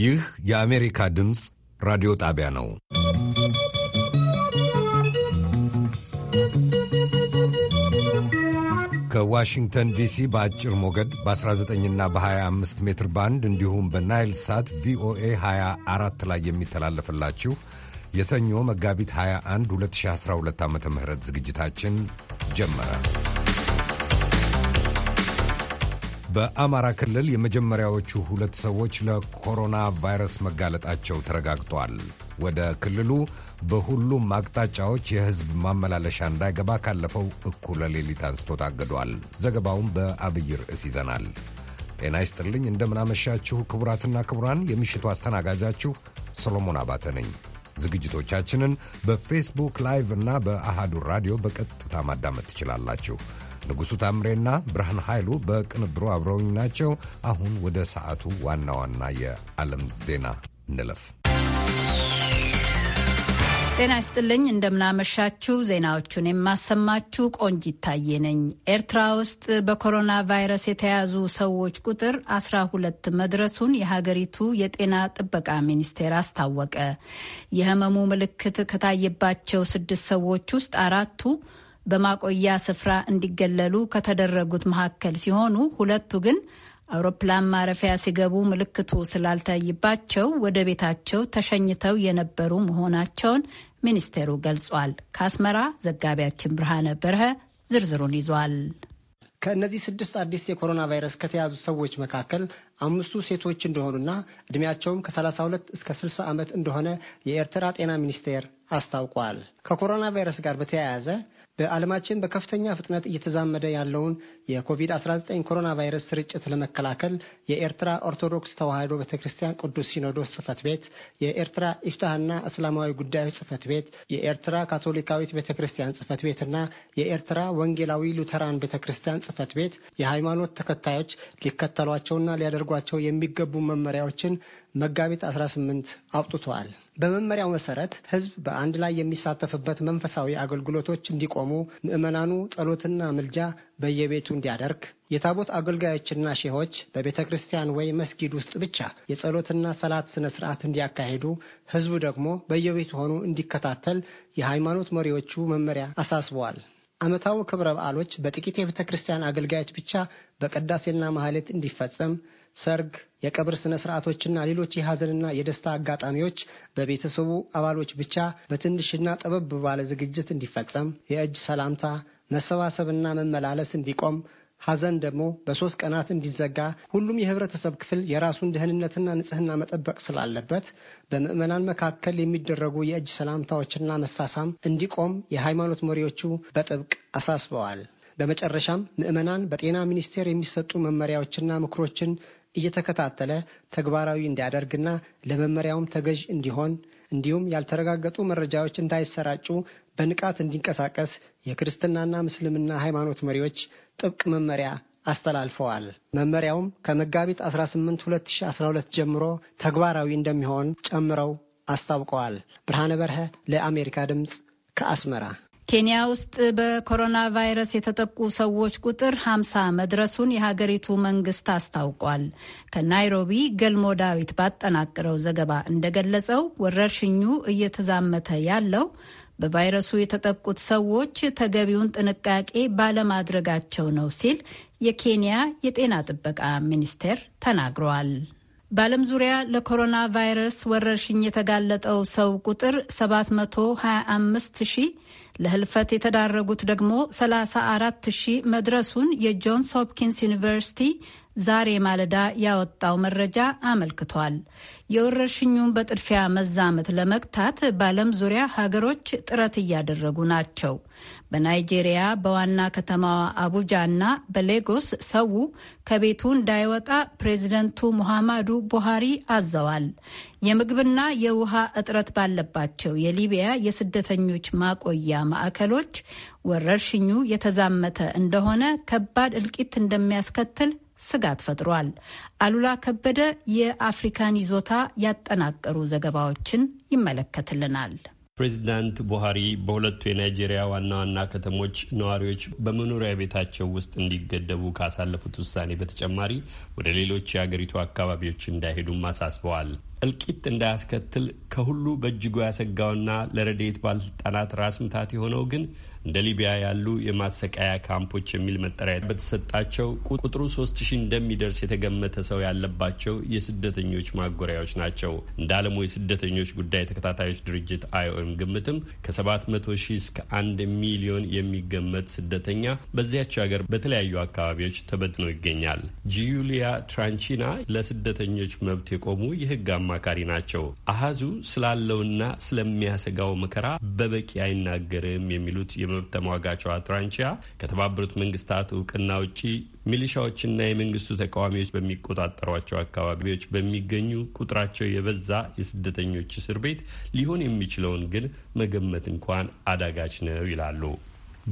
ይህ የአሜሪካ ድምፅ ራዲዮ ጣቢያ ነው። ከዋሽንግተን ዲሲ በአጭር ሞገድ በ19ና በ25 ሜትር ባንድ እንዲሁም በናይል ሳት ቪኦኤ 24 ላይ የሚተላለፍላችሁ የሰኞ መጋቢት 21 2012 ዓ ም ዝግጅታችን ጀመረ። በአማራ ክልል የመጀመሪያዎቹ ሁለት ሰዎች ለኮሮና ቫይረስ መጋለጣቸው ተረጋግጧል። ወደ ክልሉ በሁሉም አቅጣጫዎች የሕዝብ ማመላለሻ እንዳይገባ ካለፈው እኩለ ሌሊት አንስቶ ታግዷል። ዘገባውን በአብይ ርዕስ ይዘናል። ጤና ይስጥልኝ፣ እንደምናመሻችሁ ክቡራትና ክቡራን፣ የምሽቱ አስተናጋጃችሁ ሰሎሞን አባተ ነኝ። ዝግጅቶቻችንን በፌስቡክ ላይቭ እና በአሃዱ ራዲዮ በቀጥታ ማዳመጥ ትችላላችሁ። ንጉሡ ታምሬና ብርሃን ኃይሉ በቅንብሩ አብረውኝ ናቸው። አሁን ወደ ሰዓቱ ዋና ዋና የዓለም ዜና እንለፍ። ጤና ይስጥልኝ። እንደምናመሻችሁ። ዜናዎቹን የማሰማችሁ ቆንጅ ይታየ ነኝ። ኤርትራ ውስጥ በኮሮና ቫይረስ የተያዙ ሰዎች ቁጥር 12 መድረሱን የሀገሪቱ የጤና ጥበቃ ሚኒስቴር አስታወቀ። የህመሙ ምልክት ከታየባቸው ስድስት ሰዎች ውስጥ አራቱ በማቆያ ስፍራ እንዲገለሉ ከተደረጉት መካከል ሲሆኑ ሁለቱ ግን አውሮፕላን ማረፊያ ሲገቡ ምልክቱ ስላልታይባቸው ወደ ቤታቸው ተሸኝተው የነበሩ መሆናቸውን ሚኒስቴሩ ገልጿል። ከአስመራ ዘጋቢያችን ብርሃነ በርሀ ዝርዝሩን ይዟል። ከእነዚህ ስድስት አዲስ የኮሮና ቫይረስ ከተያዙ ሰዎች መካከል አምስቱ ሴቶች እንደሆኑና እድሜያቸውም ከ32 እስከ 60 ዓመት እንደሆነ የኤርትራ ጤና ሚኒስቴር አስታውቋል። ከኮሮና ቫይረስ ጋር በተያያዘ በዓለማችን በከፍተኛ ፍጥነት እየተዛመደ ያለውን የኮቪድ-19 ኮሮና ቫይረስ ስርጭት ለመከላከል የኤርትራ ኦርቶዶክስ ተዋሕዶ ቤተ ክርስቲያን ቅዱስ ሲኖዶስ ጽሕፈት ቤት፣ የኤርትራ ኢፍታህና እስላማዊ ጉዳዮች ጽሕፈት ቤት፣ የኤርትራ ካቶሊካዊት ቤተ ክርስቲያን ጽሕፈት ቤትና የኤርትራ ወንጌላዊ ሉተራን ቤተ ክርስቲያን ጽሕፈት ቤት የሃይማኖት ተከታዮች ሊከተሏቸውና ሊያደርጉ ሊያደርጓቸው የሚገቡ መመሪያዎችን መጋቢት 18 አውጥተዋል። በመመሪያው መሰረት ህዝብ በአንድ ላይ የሚሳተፍበት መንፈሳዊ አገልግሎቶች እንዲቆሙ፣ ምዕመናኑ ጸሎትና ምልጃ በየቤቱ እንዲያደርግ፣ የታቦት አገልጋዮችና ሼሆች በቤተ ክርስቲያን ወይ መስጊድ ውስጥ ብቻ የጸሎትና ሰላት ስነ ስርዓት እንዲያካሂዱ፣ ህዝቡ ደግሞ በየቤቱ ሆኑ እንዲከታተል የሃይማኖት መሪዎቹ መመሪያ አሳስበዋል። ዓመታዊ ክብረ በዓሎች በጥቂት የቤተ ክርስቲያን አገልጋዮች ብቻ በቅዳሴና ማህሌት እንዲፈጸም ሰርግ፣ የቀብር ስነ ስርዓቶችና ሌሎች የሀዘንና የደስታ አጋጣሚዎች በቤተሰቡ አባሎች ብቻ በትንሽና ጠበብ ባለ ዝግጅት እንዲፈጸም፣ የእጅ ሰላምታ መሰባሰብና መመላለስ እንዲቆም ሀዘን ደግሞ በሶስት ቀናት እንዲዘጋ ሁሉም የህብረተሰብ ክፍል የራሱን ደህንነትና ንጽህና መጠበቅ ስላለበት በምዕመናን መካከል የሚደረጉ የእጅ ሰላምታዎችና መሳሳም እንዲቆም የሃይማኖት መሪዎቹ በጥብቅ አሳስበዋል። በመጨረሻም ምዕመናን በጤና ሚኒስቴር የሚሰጡ መመሪያዎችና ምክሮችን እየተከታተለ ተግባራዊ እንዲያደርግና ለመመሪያውም ተገዥ እንዲሆን እንዲሁም ያልተረጋገጡ መረጃዎች እንዳይሰራጩ በንቃት እንዲንቀሳቀስ የክርስትናና ምስልምና ሃይማኖት መሪዎች ጥብቅ መመሪያ አስተላልፈዋል። መመሪያውም ከመጋቢት 18 2012 ጀምሮ ተግባራዊ እንደሚሆን ጨምረው አስታውቀዋል። ብርሃነ በርሀ ለአሜሪካ ድምፅ ከአስመራ ኬንያ ውስጥ በኮሮና ቫይረስ የተጠቁ ሰዎች ቁጥር 50 መድረሱን የሀገሪቱ መንግስት አስታውቋል። ከናይሮቢ ገልሞ ዳዊት ባጠናቀረው ዘገባ እንደገለጸው ወረርሽኙ እየተዛመተ ያለው በቫይረሱ የተጠቁት ሰዎች ተገቢውን ጥንቃቄ ባለማድረጋቸው ነው ሲል የኬንያ የጤና ጥበቃ ሚኒስቴር ተናግሯል። በዓለም ዙሪያ ለኮሮና ቫይረስ ወረርሽኝ የተጋለጠው ሰው ቁጥር 725 ለህልፈት የተዳረጉት ደግሞ 34 ሺህ መድረሱን የጆንስ ሆፕኪንስ ዩኒቨርሲቲ ዛሬ ማለዳ ያወጣው መረጃ አመልክቷል። የወረርሽኙን በጥድፊያ መዛመት ለመግታት በዓለም ዙሪያ ሀገሮች ጥረት እያደረጉ ናቸው። በናይጄሪያ በዋና ከተማዋ አቡጃ እና በሌጎስ ሰው ከቤቱ እንዳይወጣ ፕሬዚደንቱ ሙሐማዱ ቡሃሪ አዘዋል። የምግብና የውሃ እጥረት ባለባቸው የሊቢያ የስደተኞች ማቆያ ማዕከሎች ወረርሽኙ የተዛመተ እንደሆነ ከባድ እልቂት እንደሚያስከትል ስጋት ፈጥሯል። አሉላ ከበደ የአፍሪካን ይዞታ ያጠናቀሩ ዘገባዎችን ይመለከትልናል። ፕሬዚዳንት ቡሃሪ በሁለቱ የናይጄሪያ ዋና ዋና ከተሞች ነዋሪዎች በመኖሪያ ቤታቸው ውስጥ እንዲገደቡ ካሳለፉት ውሳኔ በተጨማሪ ወደ ሌሎች የአገሪቱ አካባቢዎች እንዳይሄዱም አሳስበዋል። እልቂት እንዳያስከትል ከሁሉ በእጅጉ ያሰጋውና ለረድኤት ባለስልጣናት ራስ ምታት የሆነው ግን እንደ ሊቢያ ያሉ የማሰቃያ ካምፖች የሚል መጠሪያ በተሰጣቸው ቁጥሩ ሶስት ሺህ እንደሚደርስ የተገመተ ሰው ያለባቸው የስደተኞች ማጎሪያዎች ናቸው። እንደ ዓለሙ የስደተኞች ጉዳይ ተከታታዮች ድርጅት አይኦኤም ግምትም ከሰባት መቶ ሺህ እስከ አንድ ሚሊዮን የሚገመት ስደተኛ በዚያች ሀገር በተለያዩ አካባቢዎች ተበትኖ ይገኛል። ጂዩሊያ ትራንቺና ለስደተኞች መብት የቆሙ የህግ አማካሪ ናቸው። አሃዙ ስላለውና ስለሚያሰጋው መከራ በበቂ አይናገርም የሚሉት መብት ተሟጋቿ ትራንቺያ ከተባበሩት መንግስታት እውቅና ውጪ ሚሊሻዎችና የመንግስቱ ተቃዋሚዎች በሚቆጣጠሯቸው አካባቢዎች በሚገኙ ቁጥራቸው የበዛ የስደተኞች እስር ቤት ሊሆን የሚችለውን ግን መገመት እንኳን አዳጋች ነው ይላሉ።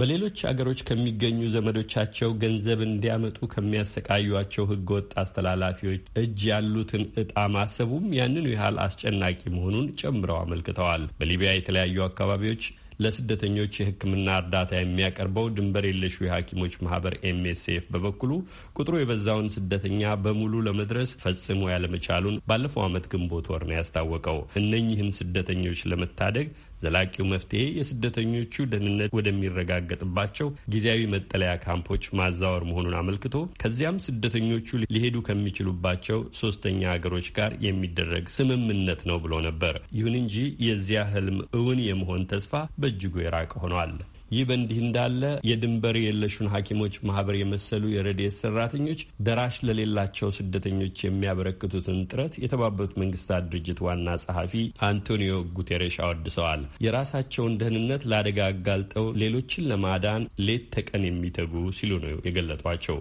በሌሎች አገሮች ከሚገኙ ዘመዶቻቸው ገንዘብ እንዲያመጡ ከሚያሰቃዩቸው ህገወጥ አስተላላፊዎች እጅ ያሉትን እጣ ማሰቡም ያንኑ ያህል አስጨናቂ መሆኑን ጨምረው አመልክተዋል። በሊቢያ የተለያዩ አካባቢዎች ለስደተኞች የሕክምና እርዳታ የሚያቀርበው ድንበር የለሹ የሐኪሞች ማህበር ኤምኤስኤፍ በበኩሉ ቁጥሩ የበዛውን ስደተኛ በሙሉ ለመድረስ ፈጽሞ ያለመቻሉን ባለፈው ዓመት ግንቦት ወር ነው ያስታወቀው። እነኚህን ስደተኞች ለመታደግ ዘላቂው መፍትሄ የስደተኞቹ ደህንነት ወደሚረጋገጥባቸው ጊዜያዊ መጠለያ ካምፖች ማዛወር መሆኑን አመልክቶ ከዚያም ስደተኞቹ ሊሄዱ ከሚችሉባቸው ሶስተኛ ሀገሮች ጋር የሚደረግ ስምምነት ነው ብሎ ነበር። ይሁን እንጂ የዚያ ህልም እውን የመሆን ተስፋ በእጅጉ የራቀ ሆኗል። ይህ በእንዲህ እንዳለ የድንበር የለሹን ሐኪሞች ማህበር የመሰሉ የረድኤት ሰራተኞች ደራሽ ለሌላቸው ስደተኞች የሚያበረክቱትን ጥረት የተባበሩት መንግስታት ድርጅት ዋና ጸሐፊ አንቶኒዮ ጉቴሬሽ አወድሰዋል። የራሳቸውን ደህንነት ለአደጋ አጋልጠው ሌሎችን ለማዳን ሌት ተቀን የሚተጉ ሲሉ ነው የገለጧቸው።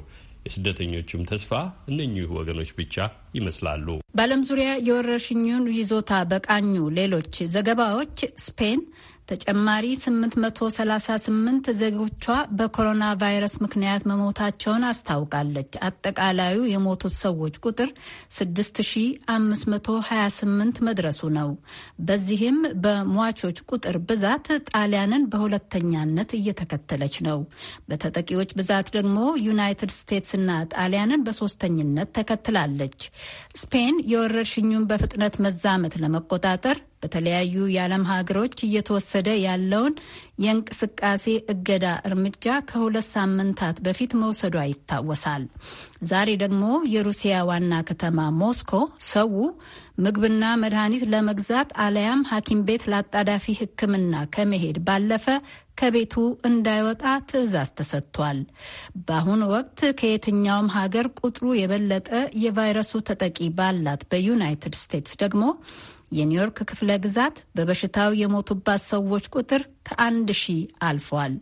የስደተኞቹም ተስፋ እነኚህ ወገኖች ብቻ ይመስላሉ። በዓለም ዙሪያ የወረርሽኙን ይዞታ በቃኙ ሌሎች ዘገባዎች ስፔን ተጨማሪ 838 ዜጎቿ በኮሮና ቫይረስ ምክንያት መሞታቸውን አስታውቃለች። አጠቃላዩ የሞቱት ሰዎች ቁጥር 6528 መድረሱ ነው። በዚህም በሟቾች ቁጥር ብዛት ጣሊያንን በሁለተኛነት እየተከተለች ነው። በተጠቂዎች ብዛት ደግሞ ዩናይትድ ስቴትስና ጣሊያንን በሶስተኝነት ተከትላለች። ስፔን የወረርሽኙን በፍጥነት መዛመት ለመቆጣጠር በተለያዩ የዓለም ሀገሮች እየተወሰደ ያለውን የእንቅስቃሴ እገዳ እርምጃ ከሁለት ሳምንታት በፊት መውሰዷ ይታወሳል። ዛሬ ደግሞ የሩሲያ ዋና ከተማ ሞስኮ ሰው ምግብና መድኃኒት ለመግዛት አለያም ሐኪም ቤት ለአጣዳፊ ሕክምና ከመሄድ ባለፈ ከቤቱ እንዳይወጣ ትዕዛዝ ተሰጥቷል። በአሁኑ ወቅት ከየትኛውም ሀገር ቁጥሩ የበለጠ የቫይረሱ ተጠቂ ባላት በዩናይትድ ስቴትስ ደግሞ የኒውዮርክ ክፍለ ግዛት በበሽታው የሞቱባት ሰዎች ቁጥር ከአንድ ሺህ አልፏል።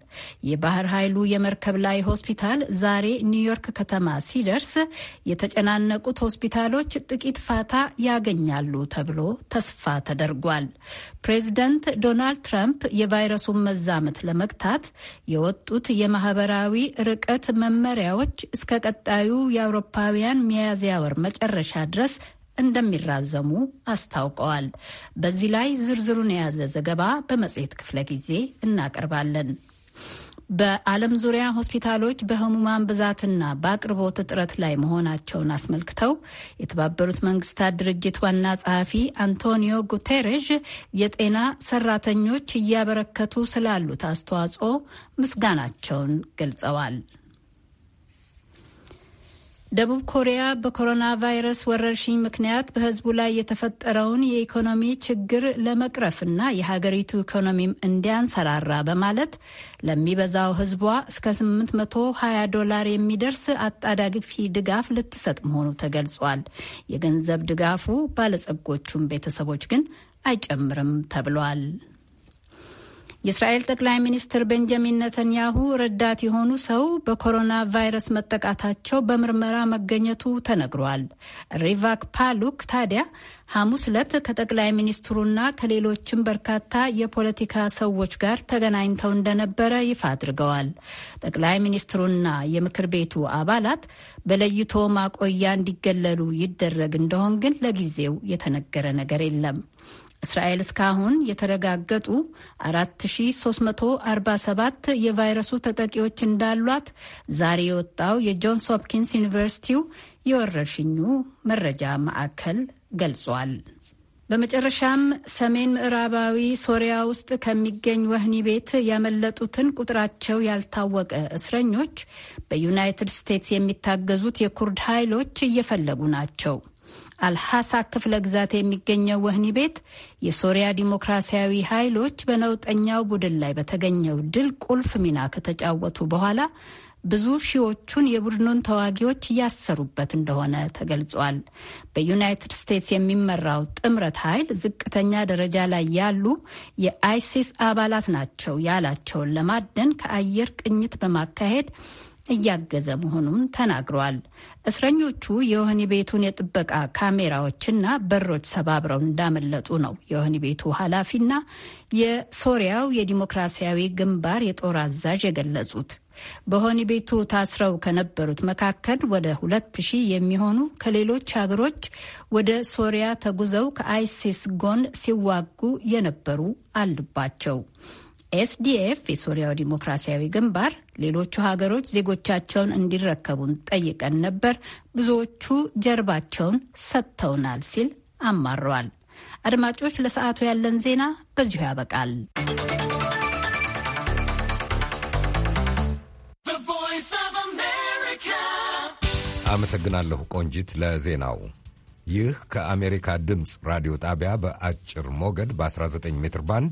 የባህር ኃይሉ የመርከብ ላይ ሆስፒታል ዛሬ ኒውዮርክ ከተማ ሲደርስ የተጨናነቁት ሆስፒታሎች ጥቂት ፋታ ያገኛሉ ተብሎ ተስፋ ተደርጓል። ፕሬዚደንት ዶናልድ ትራምፕ የቫይረሱን መዛመት ለመግታት የወጡት የማህበራዊ ርቀት መመሪያዎች እስከ ቀጣዩ የአውሮፓውያን ሚያዝያ ወር መጨረሻ ድረስ እንደሚራዘሙ አስታውቀዋል። በዚህ ላይ ዝርዝሩን የያዘ ዘገባ በመጽሔት ክፍለ ጊዜ እናቀርባለን። በዓለም ዙሪያ ሆስፒታሎች በህሙማን ብዛትና በአቅርቦት እጥረት ላይ መሆናቸውን አስመልክተው የተባበሩት መንግስታት ድርጅት ዋና ጸሐፊ አንቶኒዮ ጉቴሬዥ የጤና ሰራተኞች እያበረከቱ ስላሉት አስተዋጽኦ ምስጋናቸውን ገልጸዋል። ደቡብ ኮሪያ በኮሮና ቫይረስ ወረርሽኝ ምክንያት በሕዝቡ ላይ የተፈጠረውን የኢኮኖሚ ችግር ለመቅረፍና የሀገሪቱ ኢኮኖሚም እንዲያንሰራራ በማለት ለሚበዛው ሕዝቧ እስከ 820 ዶላር የሚደርስ አጣዳፊ ድጋፍ ልትሰጥ መሆኑ ተገልጿል። የገንዘብ ድጋፉ ባለጸጎቹን ቤተሰቦች ግን አይጨምርም ተብሏል። የእስራኤል ጠቅላይ ሚኒስትር ቤንጃሚን ነተንያሁ ረዳት የሆኑ ሰው በኮሮና ቫይረስ መጠቃታቸው በምርመራ መገኘቱ ተነግሯል። ሪቫክ ፓሉክ ታዲያ ሐሙስ ዕለት ከጠቅላይ ሚኒስትሩና ከሌሎችም በርካታ የፖለቲካ ሰዎች ጋር ተገናኝተው እንደነበረ ይፋ አድርገዋል። ጠቅላይ ሚኒስትሩና የምክር ቤቱ አባላት በለይቶ ማቆያ እንዲገለሉ ይደረግ እንደሆን ግን ለጊዜው የተነገረ ነገር የለም። እስራኤል እስካሁን የተረጋገጡ 4347 የቫይረሱ ተጠቂዎች እንዳሏት ዛሬ የወጣው የጆንስ ሆፕኪንስ ዩኒቨርሲቲው የወረርሽኙ መረጃ ማዕከል ገልጿል። በመጨረሻም ሰሜን ምዕራባዊ ሶሪያ ውስጥ ከሚገኝ ወህኒ ቤት ያመለጡትን ቁጥራቸው ያልታወቀ እስረኞች በዩናይትድ ስቴትስ የሚታገዙት የኩርድ ኃይሎች እየፈለጉ ናቸው። አልሐሳ ክፍለ ግዛት የሚገኘው ወህኒ ቤት የሶሪያ ዲሞክራሲያዊ ኃይሎች በነውጠኛው ቡድን ላይ በተገኘው ድል ቁልፍ ሚና ከተጫወቱ በኋላ ብዙ ሺዎቹን የቡድኑን ተዋጊዎች እያሰሩበት እንደሆነ ተገልጿል። በዩናይትድ ስቴትስ የሚመራው ጥምረት ኃይል ዝቅተኛ ደረጃ ላይ ያሉ የአይሲስ አባላት ናቸው ያላቸውን ለማደን ከአየር ቅኝት በማካሄድ እያገዘ መሆኑን ተናግሯል። እስረኞቹ የወህኒ ቤቱን የጥበቃ ካሜራዎችና በሮች ሰባብረው እንዳመለጡ ነው የወህኒ ቤቱ ኃላፊና የሶሪያው የዲሞክራሲያዊ ግንባር የጦር አዛዥ የገለጹት። በወህኒ ቤቱ ታስረው ከነበሩት መካከል ወደ ሁለት ሺህ የሚሆኑ ከሌሎች ሀገሮች ወደ ሶሪያ ተጉዘው ከአይሲስ ጎን ሲዋጉ የነበሩ አሉባቸው። ኤስዲኤፍ የሶሪያው ዲሞክራሲያዊ ግንባር ሌሎቹ ሀገሮች ዜጎቻቸውን እንዲረከቡን ጠይቀን ነበር፣ ብዙዎቹ ጀርባቸውን ሰጥተውናል ሲል አማሯል። አድማጮች፣ ለሰዓቱ ያለን ዜና በዚሁ ያበቃል። አመሰግናለሁ ቆንጂት ለዜናው። ይህ ከአሜሪካ ድምፅ ራዲዮ ጣቢያ በአጭር ሞገድ በ19 ሜትር ባንድ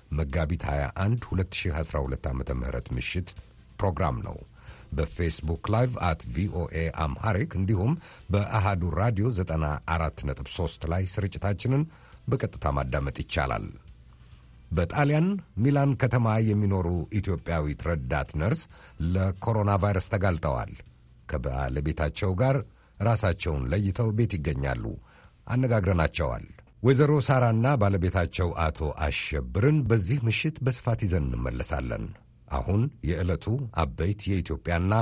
መጋቢት 21 2012 ዓ ም ምሽት ፕሮግራም ነው። በፌስቡክ ላይቭ አት ቪኦኤ አምሃሪክ እንዲሁም በአሃዱ ራዲዮ 94.3 ላይ ስርጭታችንን በቀጥታ ማዳመጥ ይቻላል። በጣሊያን ሚላን ከተማ የሚኖሩ ኢትዮጵያዊት ረዳት ነርስ ለኮሮና ቫይረስ ተጋልጠዋል። ከባለቤታቸው ጋር ራሳቸውን ለይተው ቤት ይገኛሉ። አነጋግረናቸዋል። ወይዘሮ ሳራና ባለቤታቸው አቶ አሸብርን በዚህ ምሽት በስፋት ይዘን እንመለሳለን። አሁን የዕለቱ አበይት የኢትዮጵያና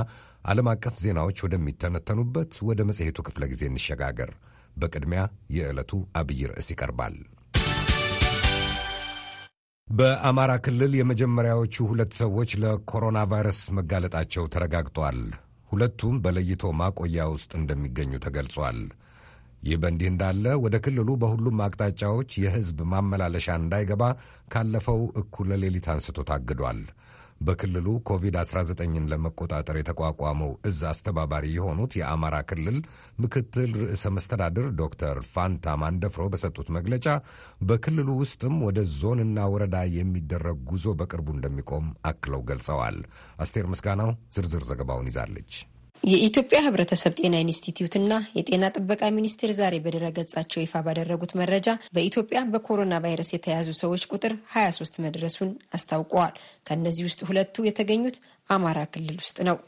ዓለም አቀፍ ዜናዎች ወደሚተነተኑበት ወደ መጽሔቱ ክፍለ ጊዜ እንሸጋገር። በቅድሚያ የዕለቱ አብይ ርዕስ ይቀርባል። በአማራ ክልል የመጀመሪያዎቹ ሁለት ሰዎች ለኮሮና ቫይረስ መጋለጣቸው ተረጋግጧል። ሁለቱም በለይቶ ማቆያ ውስጥ እንደሚገኙ ተገልጿል። ይህ በእንዲህ እንዳለ ወደ ክልሉ በሁሉም አቅጣጫዎች የህዝብ ማመላለሻ እንዳይገባ ካለፈው እኩለ ሌሊት አንስቶ ታግዷል። በክልሉ ኮቪድ-19ን ለመቆጣጠር የተቋቋመው እዝ አስተባባሪ የሆኑት የአማራ ክልል ምክትል ርዕሰ መስተዳድር ዶክተር ፋንታ ማንደፍሮ በሰጡት መግለጫ በክልሉ ውስጥም ወደ ዞንና ወረዳ የሚደረግ ጉዞ በቅርቡ እንደሚቆም አክለው ገልጸዋል። አስቴር ምስጋናው ዝርዝር ዘገባውን ይዛለች። የኢትዮጵያ ህብረተሰብ ጤና ኢንስቲትዩትና የጤና ጥበቃ ሚኒስቴር ዛሬ በድረገጻቸው ይፋ ባደረጉት መረጃ በኢትዮጵያ በኮሮና ቫይረስ የተያዙ ሰዎች ቁጥር 23 መድረሱን አስታውቀዋል። ከእነዚህ ውስጥ ሁለቱ የተገኙት አማራ ክልል ውስጥ ነው።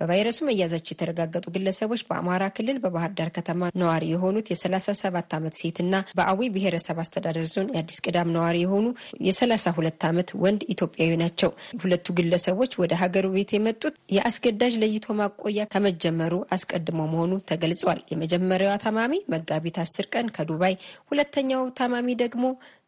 በቫይረሱ መያዛቸው የተረጋገጡ ግለሰቦች በአማራ ክልል በባህር ዳር ከተማ ነዋሪ የሆኑት የ37 ዓመት ሴትና በአዊ ብሔረሰብ አስተዳደር ዞን የአዲስ ቅዳም ነዋሪ የሆኑ የ32 ዓመት ወንድ ኢትዮጵያዊ ናቸው። ሁለቱ ግለሰቦች ወደ ሀገሩ ቤት የመጡት የአስገዳጅ ለይቶ ማቆያ ከመጀመሩ አስቀድሞ መሆኑ ተገልጿል። የመጀመሪያዋ ታማሚ መጋቢት አስር ቀን ከዱባይ፣ ሁለተኛው ታማሚ ደግሞ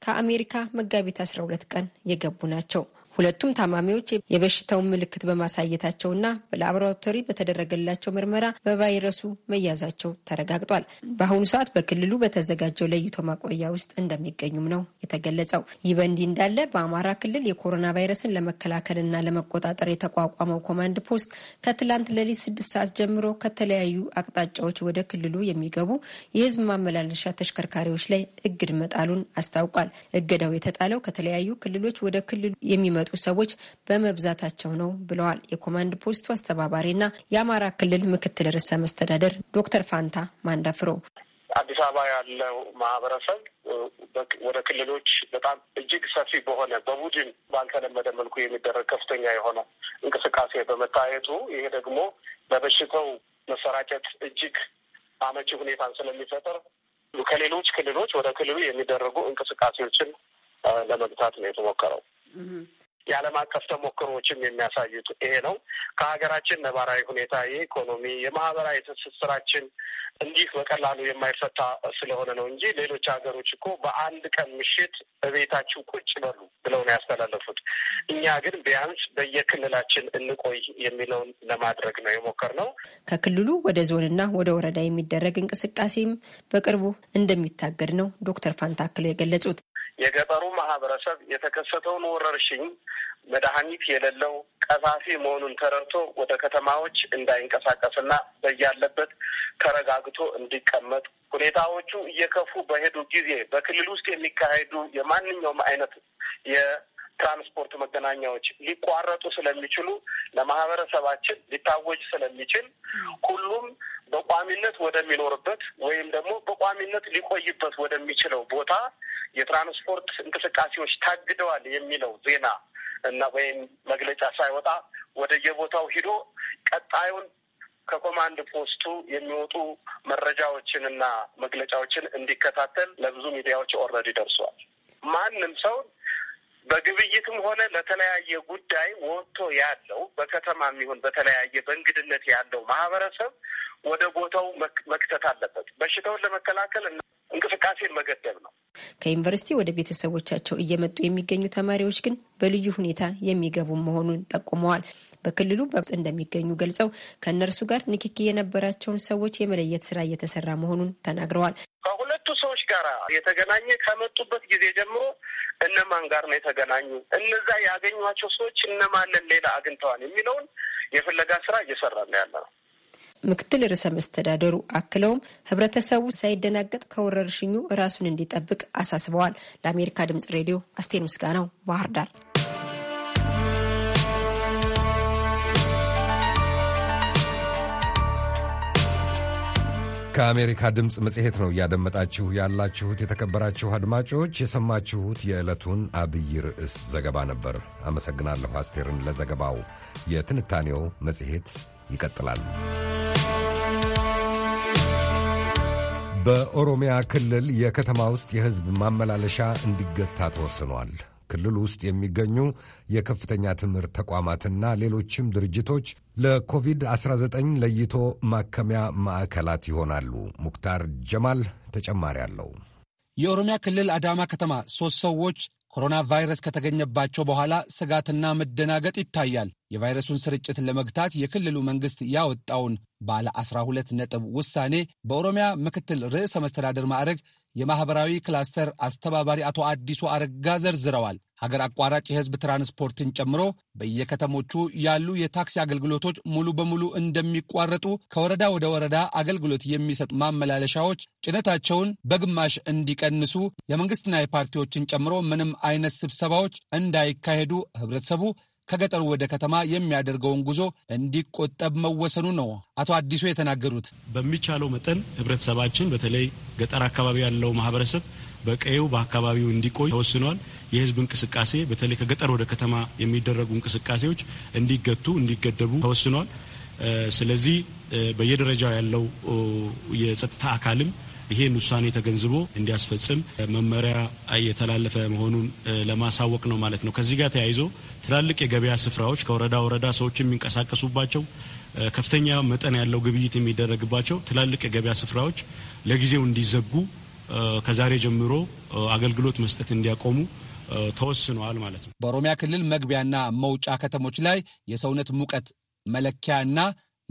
ከአሜሪካ መጋቢት 12 ቀን የገቡ ናቸው። ሁለቱም ታማሚዎች የበሽታውን ምልክት በማሳየታቸውና በላቦራቶሪ በተደረገላቸው ምርመራ በቫይረሱ መያዛቸው ተረጋግጧል። በአሁኑ ሰዓት በክልሉ በተዘጋጀው ለይቶ ማቆያ ውስጥ እንደሚገኙም ነው የተገለጸው። ይህ በእንዲህ እንዳለ በአማራ ክልል የኮሮና ቫይረስን ለመከላከልና ለመቆጣጠር የተቋቋመው ኮማንድ ፖስት ከትላንት ሌሊት ስድስት ሰዓት ጀምሮ ከተለያዩ አቅጣጫዎች ወደ ክልሉ የሚገቡ የህዝብ ማመላለሻ ተሽከርካሪዎች ላይ እግድ መጣሉን አስታውቋል። እገዳው የተጣለው ከተለያዩ ክልሎች ወደ ክልሉ የሚመጡ የሚመጡ ሰዎች በመብዛታቸው ነው ብለዋል የኮማንድ ፖስቱ አስተባባሪና የአማራ ክልል ምክትል ርዕሰ መስተዳደር ዶክተር ፋንታ ማንዳፍሮ አዲስ አበባ ያለው ማህበረሰብ ወደ ክልሎች በጣም እጅግ ሰፊ በሆነ በቡድን ባልተለመደ መልኩ የሚደረግ ከፍተኛ የሆነ እንቅስቃሴ በመታየቱ ይሄ ደግሞ ለበሽታው መሰራጨት እጅግ አመቺ ሁኔታን ስለሚፈጠር ከሌሎች ክልሎች ወደ ክልሉ የሚደረጉ እንቅስቃሴዎችን ለመግታት ነው የተሞከረው። የዓለም አቀፍ ተሞክሮዎችም የሚያሳዩት ይሄ ነው። ከሀገራችን ነባራዊ ሁኔታ የኢኮኖሚ የማህበራዊ ትስስራችን እንዲህ በቀላሉ የማይፈታ ስለሆነ ነው እንጂ ሌሎች ሀገሮች እኮ በአንድ ቀን ምሽት በቤታችሁ ቁጭ በሉ ብለው ነው ያስተላለፉት። እኛ ግን ቢያንስ በየክልላችን እንቆይ የሚለውን ለማድረግ ነው የሞከርነው። ከክልሉ ወደ ዞንና ወደ ወረዳ የሚደረግ እንቅስቃሴም በቅርቡ እንደሚታገድ ነው ዶክተር ፋንታክለው የገለጹት። የገጠሩ ማህበረሰብ የተከሰተውን ወረርሽኝ መድኃኒት የሌለው ቀፋፊ መሆኑን ተረድቶ ወደ ከተማዎች እንዳይንቀሳቀስና በያለበት ተረጋግቶ እንዲቀመጥ ሁኔታዎቹ እየከፉ በሄዱ ጊዜ በክልል ውስጥ የሚካሄዱ የማንኛውም አይነት ትራንስፖርት መገናኛዎች ሊቋረጡ ስለሚችሉ ለማህበረሰባችን ሊታወጅ ስለሚችል ሁሉም በቋሚነት ወደሚኖርበት ወይም ደግሞ በቋሚነት ሊቆይበት ወደሚችለው ቦታ የትራንስፖርት እንቅስቃሴዎች ታግደዋል የሚለው ዜና እና ወይም መግለጫ ሳይወጣ ወደየቦታው ሂዶ ቀጣዩን ከኮማንድ ፖስቱ የሚወጡ መረጃዎችንና መግለጫዎችን እንዲከታተል ለብዙ ሚዲያዎች ኦልሬዲ ደርሷል። ማንም ሰው በግብይትም ሆነ ለተለያየ ጉዳይ ወጥቶ ያለው በከተማ የሚሆን በተለያየ በእንግድነት ያለው ማህበረሰብ ወደ ቦታው መክተት አለበት። በሽታውን ለመከላከል እንቅስቃሴን መገደብ ነው። ከዩኒቨርሲቲ ወደ ቤተሰቦቻቸው እየመጡ የሚገኙ ተማሪዎች ግን በልዩ ሁኔታ የሚገቡ መሆኑን ጠቁመዋል። በክልሉ በብጥ እንደሚገኙ ገልጸው ከእነርሱ ጋር ንክኪ የነበራቸውን ሰዎች የመለየት ስራ እየተሰራ መሆኑን ተናግረዋል። ከሁለቱ ሰዎች ጋር የተገናኘ ከመጡበት ጊዜ ጀምሮ ከእነማን ጋር ነው የተገናኙ፣ እነዛ ያገኟቸው ሰዎች እነማንን ሌላ አግኝተዋል የሚለውን የፍለጋ ስራ እየሰራ ነው ያለ ነው። ምክትል ርዕሰ መስተዳደሩ አክለውም ህብረተሰቡ ሳይደናገጥ ከወረርሽኙ ራሱን እንዲጠብቅ አሳስበዋል። ለአሜሪካ ድምጽ ሬዲዮ አስቴር ምስጋናው ባህር ዳር። ከአሜሪካ ድምፅ መጽሔት ነው እያደመጣችሁ ያላችሁት። የተከበራችሁ አድማጮች የሰማችሁት የዕለቱን አብይ ርዕስ ዘገባ ነበር። አመሰግናለሁ አስቴርን ለዘገባው። የትንታኔው መጽሔት ይቀጥላል። በኦሮሚያ ክልል የከተማ ውስጥ የሕዝብ ማመላለሻ እንዲገታ ተወስኗል። ክልል ውስጥ የሚገኙ የከፍተኛ ትምህርት ተቋማትና ሌሎችም ድርጅቶች ለኮቪድ-19 ለይቶ ማከሚያ ማዕከላት ይሆናሉ። ሙክታር ጀማል ተጨማሪ አለው። የኦሮሚያ ክልል አዳማ ከተማ ሦስት ሰዎች ኮሮና ቫይረስ ከተገኘባቸው በኋላ ስጋትና መደናገጥ ይታያል። የቫይረሱን ስርጭት ለመግታት የክልሉ መንግሥት ያወጣውን ባለ 12 ነጥብ ውሳኔ በኦሮሚያ ምክትል ርዕሰ መስተዳደር ማዕረግ የማኅበራዊ ክላስተር አስተባባሪ አቶ አዲሱ አረጋ ዘርዝረዋል። ሀገር አቋራጭ የህዝብ ትራንስፖርትን ጨምሮ በየከተሞቹ ያሉ የታክሲ አገልግሎቶች ሙሉ በሙሉ እንደሚቋረጡ፣ ከወረዳ ወደ ወረዳ አገልግሎት የሚሰጡ ማመላለሻዎች ጭነታቸውን በግማሽ እንዲቀንሱ፣ የመንግስትና የፓርቲዎችን ጨምሮ ምንም አይነት ስብሰባዎች እንዳይካሄዱ ህብረተሰቡ ከገጠሩ ወደ ከተማ የሚያደርገውን ጉዞ እንዲቆጠብ መወሰኑ ነው አቶ አዲሱ የተናገሩት። በሚቻለው መጠን ህብረተሰባችን በተለይ ገጠር አካባቢ ያለው ማህበረሰብ በቀዩ በአካባቢው እንዲቆይ ተወስኗል። የህዝብ እንቅስቃሴ በተለይ ከገጠር ወደ ከተማ የሚደረጉ እንቅስቃሴዎች እንዲገቱ፣ እንዲገደቡ ተወስኗል። ስለዚህ በየደረጃው ያለው የጸጥታ አካልም ይህን ውሳኔ ተገንዝቦ እንዲያስፈጽም መመሪያ የተላለፈ መሆኑን ለማሳወቅ ነው ማለት ነው። ከዚህ ጋር ተያይዞ ትላልቅ የገበያ ስፍራዎች ከወረዳ ወረዳ ሰዎች የሚንቀሳቀሱባቸው ከፍተኛ መጠን ያለው ግብይት የሚደረግባቸው ትላልቅ የገበያ ስፍራዎች ለጊዜው እንዲዘጉ ከዛሬ ጀምሮ አገልግሎት መስጠት እንዲያቆሙ ተወስነዋል ማለት ነው። በኦሮሚያ ክልል መግቢያና መውጫ ከተሞች ላይ የሰውነት ሙቀት መለኪያና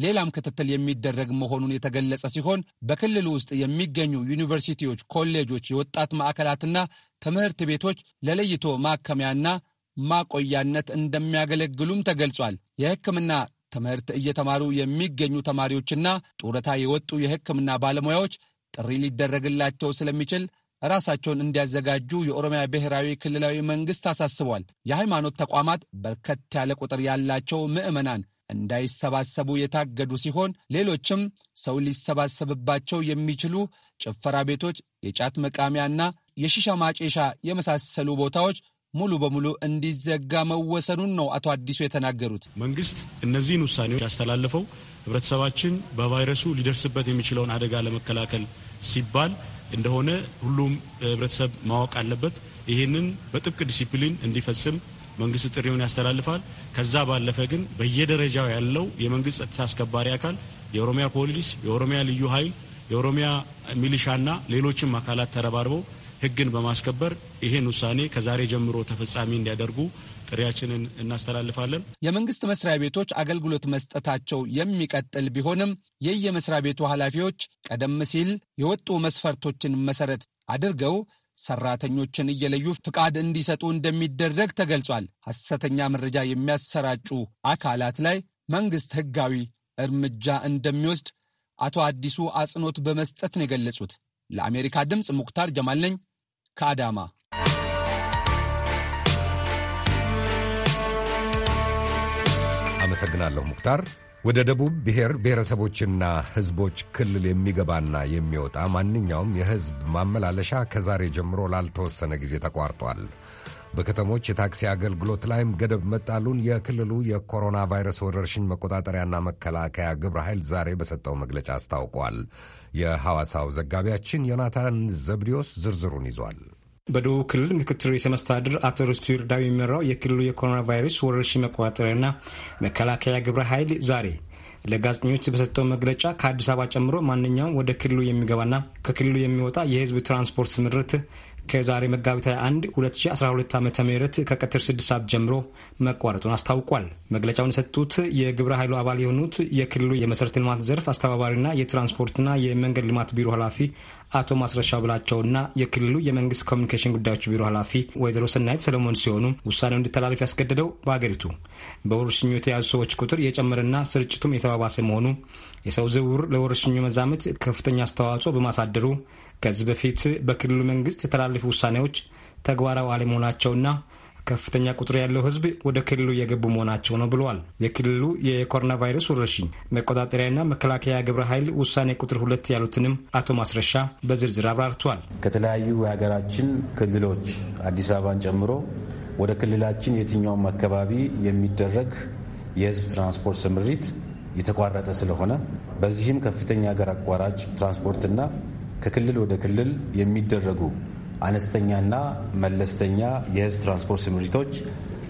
ሌላም ክትትል የሚደረግ መሆኑን የተገለጸ ሲሆን በክልሉ ውስጥ የሚገኙ ዩኒቨርሲቲዎች፣ ኮሌጆች፣ የወጣት ማዕከላትና ትምህርት ቤቶች ለለይቶ ማከሚያና ማቆያነት እንደሚያገለግሉም ተገልጿል። የሕክምና ትምህርት እየተማሩ የሚገኙ ተማሪዎችና ጡረታ የወጡ የሕክምና ባለሙያዎች ጥሪ ሊደረግላቸው ስለሚችል ራሳቸውን እንዲያዘጋጁ የኦሮሚያ ብሔራዊ ክልላዊ መንግሥት አሳስቧል። የሃይማኖት ተቋማት በርከት ያለ ቁጥር ያላቸው ምዕመናን እንዳይሰባሰቡ የታገዱ ሲሆን ሌሎችም ሰው ሊሰባሰብባቸው የሚችሉ ጭፈራ ቤቶች፣ የጫት መቃሚያና የሺሻ ማጨሻ የመሳሰሉ ቦታዎች ሙሉ በሙሉ እንዲዘጋ መወሰኑን ነው አቶ አዲሱ የተናገሩት። መንግስት እነዚህን ውሳኔዎች ያስተላለፈው ህብረተሰባችን በቫይረሱ ሊደርስበት የሚችለውን አደጋ ለመከላከል ሲባል እንደሆነ ሁሉም ህብረተሰብ ማወቅ አለበት። ይህንን በጥብቅ ዲሲፕሊን እንዲፈጽም መንግስት ጥሪውን ያስተላልፋል። ከዛ ባለፈ ግን በየደረጃው ያለው የመንግስት ጸጥታ አስከባሪ አካል የኦሮሚያ ፖሊስ፣ የኦሮሚያ ልዩ ኃይል፣ የኦሮሚያ ሚሊሻና ሌሎችም አካላት ተረባርበው ህግን በማስከበር ይህን ውሳኔ ከዛሬ ጀምሮ ተፈጻሚ እንዲያደርጉ ጥሪያችንን እናስተላልፋለን። የመንግስት መስሪያ ቤቶች አገልግሎት መስጠታቸው የሚቀጥል ቢሆንም የየመስሪያ ቤቱ ኃላፊዎች ቀደም ሲል የወጡ መስፈርቶችን መሰረት አድርገው ሰራተኞችን እየለዩ ፍቃድ እንዲሰጡ እንደሚደረግ ተገልጿል። ሐሰተኛ መረጃ የሚያሰራጩ አካላት ላይ መንግሥት ሕጋዊ እርምጃ እንደሚወስድ አቶ አዲሱ አጽንኦት በመስጠት ነው የገለጹት። ለአሜሪካ ድምፅ ሙክታር ጀማል ነኝ ከአዳማ። አመሰግናለሁ ሙክታር። ወደ ደቡብ ብሔር ብሔረሰቦችና ሕዝቦች ክልል የሚገባና የሚወጣ ማንኛውም የሕዝብ ማመላለሻ ከዛሬ ጀምሮ ላልተወሰነ ጊዜ ተቋርጧል። በከተሞች የታክሲ አገልግሎት ላይም ገደብ መጣሉን የክልሉ የኮሮና ቫይረስ ወረርሽኝ መቆጣጠሪያና መከላከያ ግብረ ኃይል ዛሬ በሰጠው መግለጫ አስታውቋል። የሐዋሳው ዘጋቢያችን ዮናታን ዘብዲዮስ ዝርዝሩን ይዟል። በደቡብ ክልል ምክትል ርዕሰ መስተዳድር አቶ ርስቱ ይርዳው የሚመራው የክልሉ የኮሮና ቫይረስ ወረርሽኝ መቆጣጠሪያና መከላከያ ግብረ ኃይል ዛሬ ለጋዜጠኞች በሰጠው መግለጫ ከአዲስ አበባ ጨምሮ ማንኛውም ወደ ክልሉ የሚገባና ከክልሉ የሚወጣ የሕዝብ ትራንስፖርት ስምርት ከዛሬ መጋቢት 21 2012 ዓ ም ከቀትር 6 ሰዓት ጀምሮ መቋረጡን አስታውቋል። መግለጫውን የሰጡት የግብረ ኃይሉ አባል የሆኑት የክልሉ የመሠረተ ልማት ዘርፍ አስተባባሪና የትራንስፖርትና የመንገድ ልማት ቢሮ ኃላፊ አቶ ማስረሻ ብላቸውና የክልሉ የመንግስት ኮሚኒኬሽን ጉዳዮች ቢሮ ኃላፊ ወይዘሮ ሰናይት ሰለሞን ሲሆኑ ውሳኔው እንዲተላለፍ ያስገደደው በአገሪቱ በወረርሽኙ የተያዙ ሰዎች ቁጥር የጨመረና ስርጭቱም የተባባሰ መሆኑ የሰው ዝውውር ለወረርሽኙ መዛመት ከፍተኛ አስተዋጽኦ በማሳደሩ ከዚህ በፊት በክልሉ መንግስት የተላለፉ ውሳኔዎች ተግባራዊ አለመሆናቸውና ከፍተኛ ቁጥር ያለው ህዝብ ወደ ክልሉ እየገቡ መሆናቸው ነው ብለዋል። የክልሉ የኮሮና ቫይረስ ወረርሽኝ መቆጣጠሪያና መከላከያ ግብረ ኃይል ውሳኔ ቁጥር ሁለት ያሉትንም አቶ ማስረሻ በዝርዝር አብራርተዋል። ከተለያዩ የሀገራችን ክልሎች አዲስ አበባን ጨምሮ ወደ ክልላችን የትኛውም አካባቢ የሚደረግ የህዝብ ትራንስፖርት ስምሪት የተቋረጠ ስለሆነ በዚህም ከፍተኛ ሀገር አቋራጭ ትራንስፖርትና ከክልል ወደ ክልል የሚደረጉ አነስተኛና መለስተኛ የህዝብ ትራንስፖርት ስምሪቶች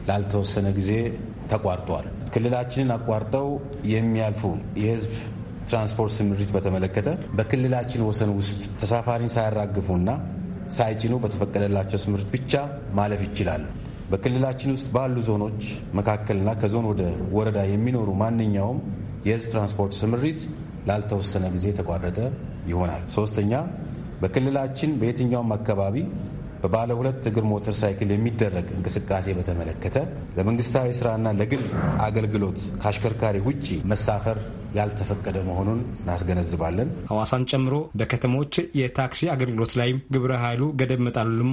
ላልተወሰነ ጊዜ ተቋርጧል። ክልላችንን አቋርጠው የሚያልፉ የህዝብ ትራንስፖርት ስምሪት በተመለከተ በክልላችን ወሰን ውስጥ ተሳፋሪን ሳያራግፉና ሳይጭኑ በተፈቀደላቸው ስምሪት ብቻ ማለፍ ይችላሉ። በክልላችን ውስጥ ባሉ ዞኖች መካከልና ከዞን ወደ ወረዳ የሚኖሩ ማንኛውም የህዝብ ትራንስፖርት ስምሪት ላልተወሰነ ጊዜ የተቋረጠ ይሆናል። ሶስተኛ በክልላችን በየትኛውም አካባቢ በባለ ሁለት እግር ሞተር ሳይክል የሚደረግ እንቅስቃሴ በተመለከተ ለመንግስታዊ ስራና ለግል አገልግሎት ከአሽከርካሪ ውጭ መሳፈር ያልተፈቀደ መሆኑን እናስገነዝባለን። ሐዋሳን ጨምሮ በከተሞች የታክሲ አገልግሎት ላይ ግብረ ኃይሉ ገደብ መጣሉም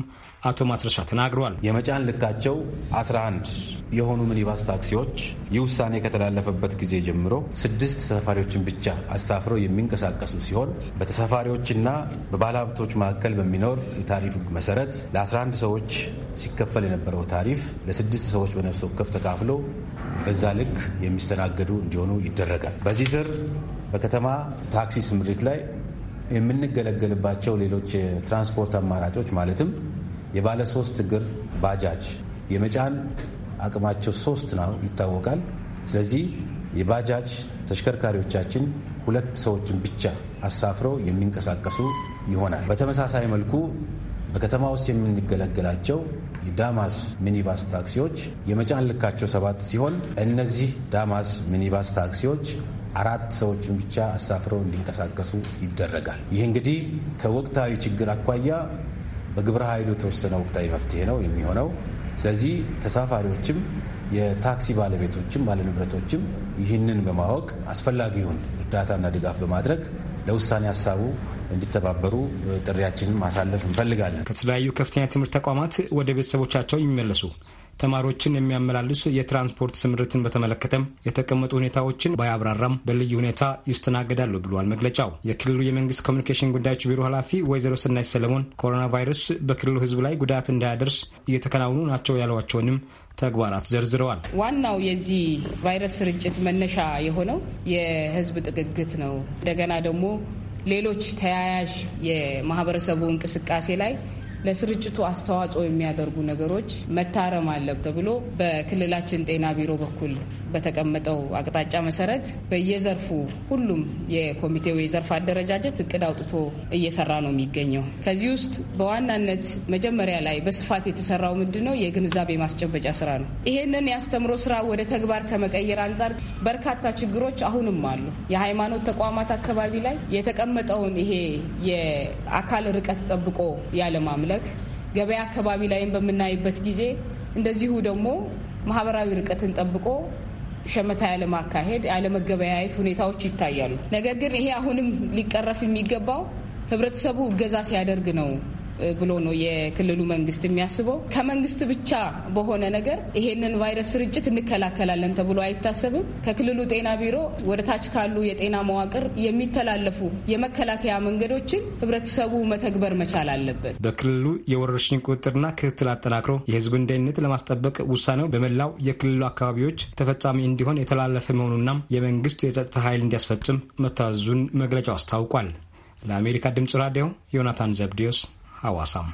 አቶ ማስረሻ ተናግሯል። የመጫን ልካቸው 11 የሆኑ ሚኒባስ ታክሲዎች ይህ ውሳኔ ከተላለፈበት ጊዜ ጀምሮ ስድስት ተሳፋሪዎችን ብቻ አሳፍረው የሚንቀሳቀሱ ሲሆን በተሳፋሪዎችና በባለሀብቶች መካከል በሚኖር የታሪፍ መሰረት ለ11 ሰዎች ሲከፈል የነበረው ታሪፍ ለስድስት ሰዎች በነፍስ ወከፍ ተካፍሎ በዛ ልክ የሚስተናገዱ እንዲሆኑ ይደረጋል። በዚህ ስር በከተማ ታክሲ ስምሪት ላይ የምንገለገልባቸው ሌሎች የትራንስፖርት አማራጮች ማለትም የባለ ሶስት እግር ባጃጅ የመጫን አቅማቸው ሶስት ነው ይታወቃል። ስለዚህ የባጃጅ ተሽከርካሪዎቻችን ሁለት ሰዎችን ብቻ አሳፍረው የሚንቀሳቀሱ ይሆናል። በተመሳሳይ መልኩ በከተማ ውስጥ የምንገለገላቸው የዳማስ ሚኒባስ ታክሲዎች የመጫን ልካቸው ሰባት ሲሆን እነዚህ ዳማስ ሚኒባስ ታክሲዎች አራት ሰዎችን ብቻ አሳፍረው እንዲንቀሳቀሱ ይደረጋል። ይህ እንግዲህ ከወቅታዊ ችግር አኳያ በግብረ ኃይሉ የተወሰነ ወቅታዊ መፍትሄ ነው የሚሆነው። ስለዚህ ተሳፋሪዎችም የታክሲ ባለቤቶችም ባለንብረቶችም ይህንን በማወቅ አስፈላጊውን እርዳታና ድጋፍ በማድረግ ለውሳኔ ሀሳቡ እንዲተባበሩ ጥሪያችንን ማሳለፍ እንፈልጋለን። ከተለያዩ ከፍተኛ ትምህርት ተቋማት ወደ ቤተሰቦቻቸው የሚመለሱ ተማሪዎችን የሚያመላልስ የትራንስፖርት ስምርትን በተመለከተም የተቀመጡ ሁኔታዎችን ባያብራራም በልዩ ሁኔታ ይስተናገዳሉ ብሏል መግለጫው። የክልሉ የመንግስት ኮሚኒኬሽን ጉዳዮች ቢሮ ኃላፊ ወይዘሮ ስናይ ሰለሞን ኮሮና ቫይረስ በክልሉ ህዝብ ላይ ጉዳት እንዳያደርስ እየተከናወኑ ናቸው ያሏቸውንም ተግባራት ዘርዝረዋል። ዋናው የዚህ ቫይረስ ስርጭት መነሻ የሆነው የህዝብ ጥግግት ነው። እንደገና ደግሞ ሌሎች ተያያዥ የማህበረሰቡ እንቅስቃሴ ላይ ለስርጭቱ አስተዋጽኦ የሚያደርጉ ነገሮች መታረም አለብ ተብሎ በክልላችን ጤና ቢሮ በኩል በተቀመጠው አቅጣጫ መሰረት በየዘርፉ ሁሉም የኮሚቴው የዘርፍ አደረጃጀት እቅድ አውጥቶ እየሰራ ነው የሚገኘው። ከዚህ ውስጥ በዋናነት መጀመሪያ ላይ በስፋት የተሰራው ምንድን ነው የግንዛቤ ማስጨበጫ ስራ ነው። ይሄንን የአስተምሮ ስራ ወደ ተግባር ከመቀየር አንጻር በርካታ ችግሮች አሁንም አሉ። የሃይማኖት ተቋማት አካባቢ ላይ የተቀመጠውን ይሄ የአካል ርቀት ጠብቆ ያለማምለ በማድረግ ገበያ አካባቢ ላይም በምናይበት ጊዜ እንደዚሁ ደግሞ ማህበራዊ ርቀትን ጠብቆ ሸመታ ያለማካሄድ ያለመገበያየት ሁኔታዎች ይታያሉ። ነገር ግን ይሄ አሁንም ሊቀረፍ የሚገባው ህብረተሰቡ እገዛ ሲያደርግ ነው ብሎ ነው የክልሉ መንግስት የሚያስበው። ከመንግስት ብቻ በሆነ ነገር ይሄንን ቫይረስ ስርጭት እንከላከላለን ተብሎ አይታሰብም። ከክልሉ ጤና ቢሮ ወደ ታች ካሉ የጤና መዋቅር የሚተላለፉ የመከላከያ መንገዶችን ህብረተሰቡ መተግበር መቻል አለበት። በክልሉ የወረርሽኝ ቁጥጥርና ክትትል አጠናክሮ የህዝብን ደህንነት ለማስጠበቅ ውሳኔው በመላው የክልሉ አካባቢዎች ተፈጻሚ እንዲሆን የተላለፈ መሆኑና የመንግስት የጸጥታ ኃይል እንዲያስፈጽም መታዙን መግለጫው አስታውቋል። ለአሜሪካ ድምጽ ራዲዮ ዮናታን ዘብዲዮስ ሐዋሳም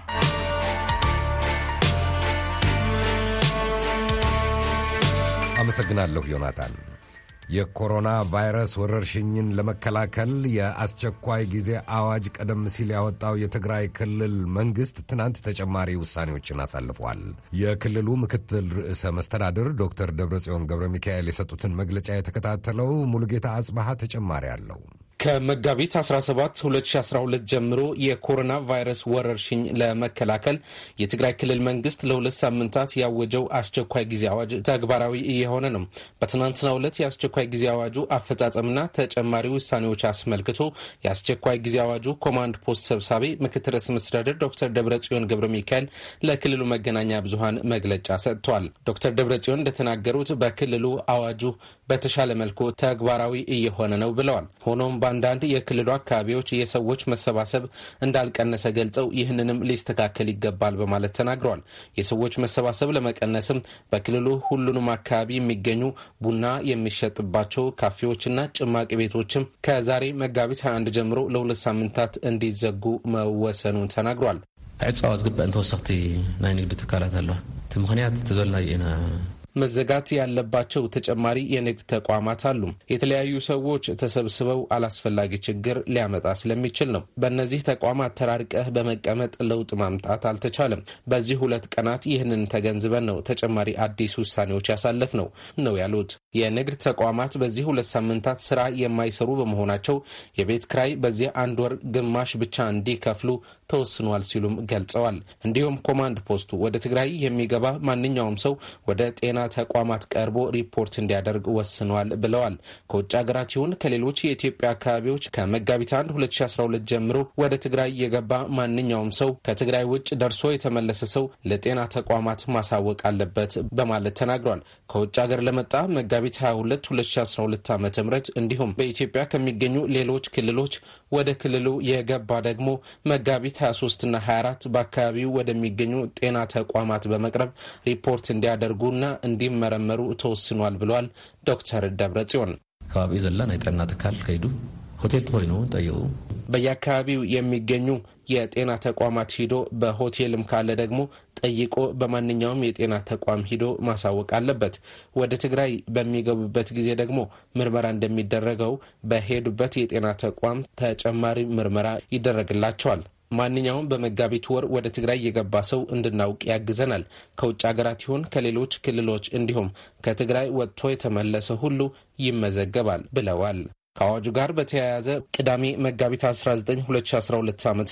አመሰግናለሁ ዮናታን። የኮሮና ቫይረስ ወረርሽኝን ለመከላከል የአስቸኳይ ጊዜ አዋጅ ቀደም ሲል ያወጣው የትግራይ ክልል መንግስት ትናንት ተጨማሪ ውሳኔዎችን አሳልፏል። የክልሉ ምክትል ርዕሰ መስተዳድር ዶክተር ደብረጽዮን ገብረ ሚካኤል የሰጡትን መግለጫ የተከታተለው ሙሉጌታ አጽባሃ ተጨማሪ አለው። ከመጋቢት 17 2012 ጀምሮ የኮሮና ቫይረስ ወረርሽኝ ለመከላከል የትግራይ ክልል መንግስት ለሁለት ሳምንታት ያወጀው አስቸኳይ ጊዜ አዋጅ ተግባራዊ እየሆነ ነው። በትናንትናው ዕለት የአስቸኳይ ጊዜ አዋጁ አፈጻጸምና ተጨማሪ ውሳኔዎች አስመልክቶ የአስቸኳይ ጊዜ አዋጁ ኮማንድ ፖስት ሰብሳቢ ምክትል ርዕሰ መስተዳደር ዶክተር ደብረጽዮን ገብረ ሚካኤል ለክልሉ መገናኛ ብዙሀን መግለጫ ሰጥቷል። ዶክተር ደብረጽዮን እንደተናገሩት በክልሉ አዋጁ በተሻለ መልኩ ተግባራዊ እየሆነ ነው ብለዋል። ሆኖም በአንዳንድ የክልሉ አካባቢዎች የሰዎች መሰባሰብ እንዳልቀነሰ ገልጸው ይህንንም ሊስተካከል ይገባል በማለት ተናግረዋል። የሰዎች መሰባሰብ ለመቀነስም በክልሉ ሁሉንም አካባቢ የሚገኙ ቡና የሚሸጥባቸው ካፌዎችና ጭማቂ ቤቶችም ከዛሬ መጋቢት 21 ጀምሮ ለሁለት ሳምንታት እንዲዘጉ መወሰኑን ተናግሯል። ዕፅዋ ዝግበአን ተወሰኽቲ ናይ ንግዲ ትካላት ኣለዋ እቲ ምክንያት ተዘለናዩ ኢና መዘጋት ያለባቸው ተጨማሪ የንግድ ተቋማት አሉ። የተለያዩ ሰዎች ተሰብስበው አላስፈላጊ ችግር ሊያመጣ ስለሚችል ነው። በእነዚህ ተቋማት ተራርቀህ በመቀመጥ ለውጥ ማምጣት አልተቻለም። በዚህ ሁለት ቀናት ይህንን ተገንዝበን ነው ተጨማሪ አዲስ ውሳኔዎች ያሳለፍ ነው ነው ያሉት። የንግድ ተቋማት በዚህ ሁለት ሳምንታት ስራ የማይሰሩ በመሆናቸው የቤት ክራይ በዚህ አንድ ወር ግማሽ ብቻ እንዲከፍሉ ተወስኗል ሲሉም ገልጸዋል። እንዲሁም ኮማንድ ፖስቱ ወደ ትግራይ የሚገባ ማንኛውም ሰው ወደ ጤና ተቋማት ቀርቦ ሪፖርት እንዲያደርግ ወስኗል ብለዋል። ከውጭ ሀገራት ይሁን ከሌሎች የኢትዮጵያ አካባቢዎች ከመጋቢት 1 2012 ጀምሮ ወደ ትግራይ የገባ ማንኛውም ሰው ከትግራይ ውጭ ደርሶ የተመለሰ ሰው ለጤና ተቋማት ማሳወቅ አለበት በማለት ተናግሯል። ከውጭ ሀገር ለመጣ መጋቢት 22 2012 ዓ ም እንዲሁም በኢትዮጵያ ከሚገኙ ሌሎች ክልሎች ወደ ክልሉ የገባ ደግሞ መጋቢት 23ና 24 በአካባቢው ወደሚገኙ ጤና ተቋማት በመቅረብ ሪፖርት እንዲያደርጉና እንዲመረመሩ ተወስኗል ብሏል ዶክተር ደብረጽዮን። ከባቢኡ ዘላ ናይ ጠና ትካል ከይዱ ሆቴል ተኮይኑ ጠየቁ በየአካባቢው የሚገኙ የጤና ተቋማት ሂዶ በሆቴልም ካለ ደግሞ ጠይቆ በማንኛውም የጤና ተቋም ሂዶ ማሳወቅ አለበት። ወደ ትግራይ በሚገቡበት ጊዜ ደግሞ ምርመራ እንደሚደረገው በሄዱበት የጤና ተቋም ተጨማሪ ምርመራ ይደረግላቸዋል። ማንኛውም በመጋቢት ወር ወደ ትግራይ የገባ ሰው እንድናውቅ ያግዘናል። ከውጭ ሀገራት ይሁን ከሌሎች ክልሎች እንዲሁም ከትግራይ ወጥቶ የተመለሰ ሁሉ ይመዘገባል ብለዋል። ከአዋጁ ጋር በተያያዘ ቅዳሜ መጋቢት 19 2012 ዓ ም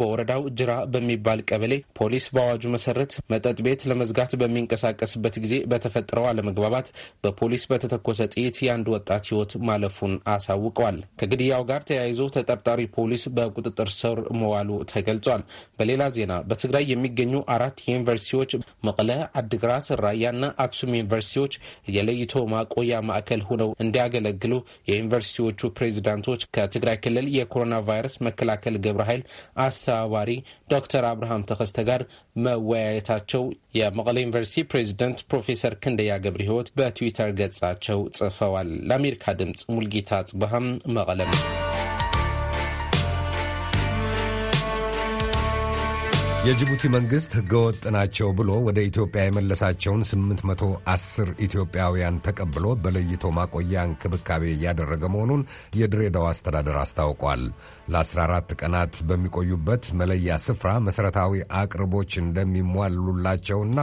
በወረዳው ጅራ በሚባል ቀበሌ ፖሊስ በአዋጁ መሰረት መጠጥ ቤት ለመዝጋት በሚንቀሳቀስበት ጊዜ በተፈጠረው አለመግባባት በፖሊስ በተተኮሰ ጥይት የአንድ ወጣት ሕይወት ማለፉን አሳውቀዋል። ከግድያው ጋር ተያይዞ ተጠርጣሪ ፖሊስ በቁጥጥር ስር መዋሉ ተገልጿል። በሌላ ዜና በትግራይ የሚገኙ አራት ዩኒቨርሲቲዎች መቀለ፣ አድግራት፣ ራያና አክሱም ዩኒቨርሲቲዎች የለይቶ ማቆያ ማዕከል ሆነው እንዲያገለግሉ የዩኒቨርሲቲ የፓርቲዎቹ ፕሬዚዳንቶች ከትግራይ ክልል የኮሮና ቫይረስ መከላከል ግብረ ኃይል አስተባባሪ ዶክተር አብርሃም ተኸስተ ጋር መወያየታቸው የመቀለ ዩኒቨርሲቲ ፕሬዚደንት ፕሮፌሰር ክንደያ ገብረ ሕይወት በትዊተር ገጻቸው ጽፈዋል። ለአሜሪካ ድምፅ ሙልጌታ ጽበሃም መቀለም የጅቡቲ መንግሥት ሕገወጥ ናቸው ብሎ ወደ ኢትዮጵያ የመለሳቸውን 810 ኢትዮጵያውያን ተቀብሎ በለይቶ ማቆያ እንክብካቤ እያደረገ መሆኑን የድሬዳዋ አስተዳደር አስታውቋል። ለ14 ቀናት በሚቆዩበት መለያ ስፍራ መሠረታዊ አቅርቦች እንደሚሟሉላቸውና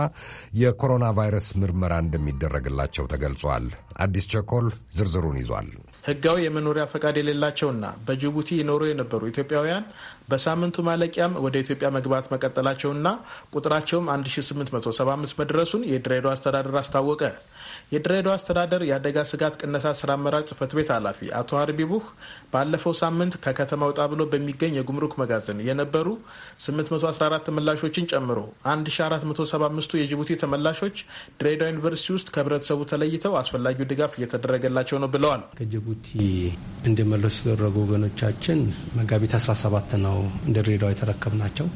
የኮሮና ቫይረስ ምርመራ እንደሚደረግላቸው ተገልጿል። አዲስ ቸኮል ዝርዝሩን ይዟል። ህጋዊ የመኖሪያ ፈቃድ የሌላቸውና በጅቡቲ ይኖሩ የነበሩ ኢትዮጵያውያን በሳምንቱ ማለቂያም ወደ ኢትዮጵያ መግባት መቀጠላቸውና ቁጥራቸውም 1875 መድረሱን የድሬዳዋ አስተዳደር አስታወቀ። የድሬዳዋ አስተዳደር የአደጋ ስጋት ቅነሳ ስራ አመራር ጽህፈት ቤት ኃላፊ አቶ ሀርቢ ቡህ ባለፈው ሳምንት ከከተማ ወጣ ብሎ በሚገኝ የጉምሩክ መጋዘን የነበሩ 814 ተመላሾችን ጨምሮ 1475ቱ የጅቡቲ ተመላሾች ድሬዳዋ ዩኒቨርሲቲ ውስጥ ከህብረተሰቡ ተለይተው አስፈላጊው ድጋፍ እየተደረገላቸው ነው ብለዋል። ከጅቡቲ እንዲመለሱ የተደረጉ ወገኖቻችን መጋቢት 17 ነው እንደ ድሬዳዋ ናቸው።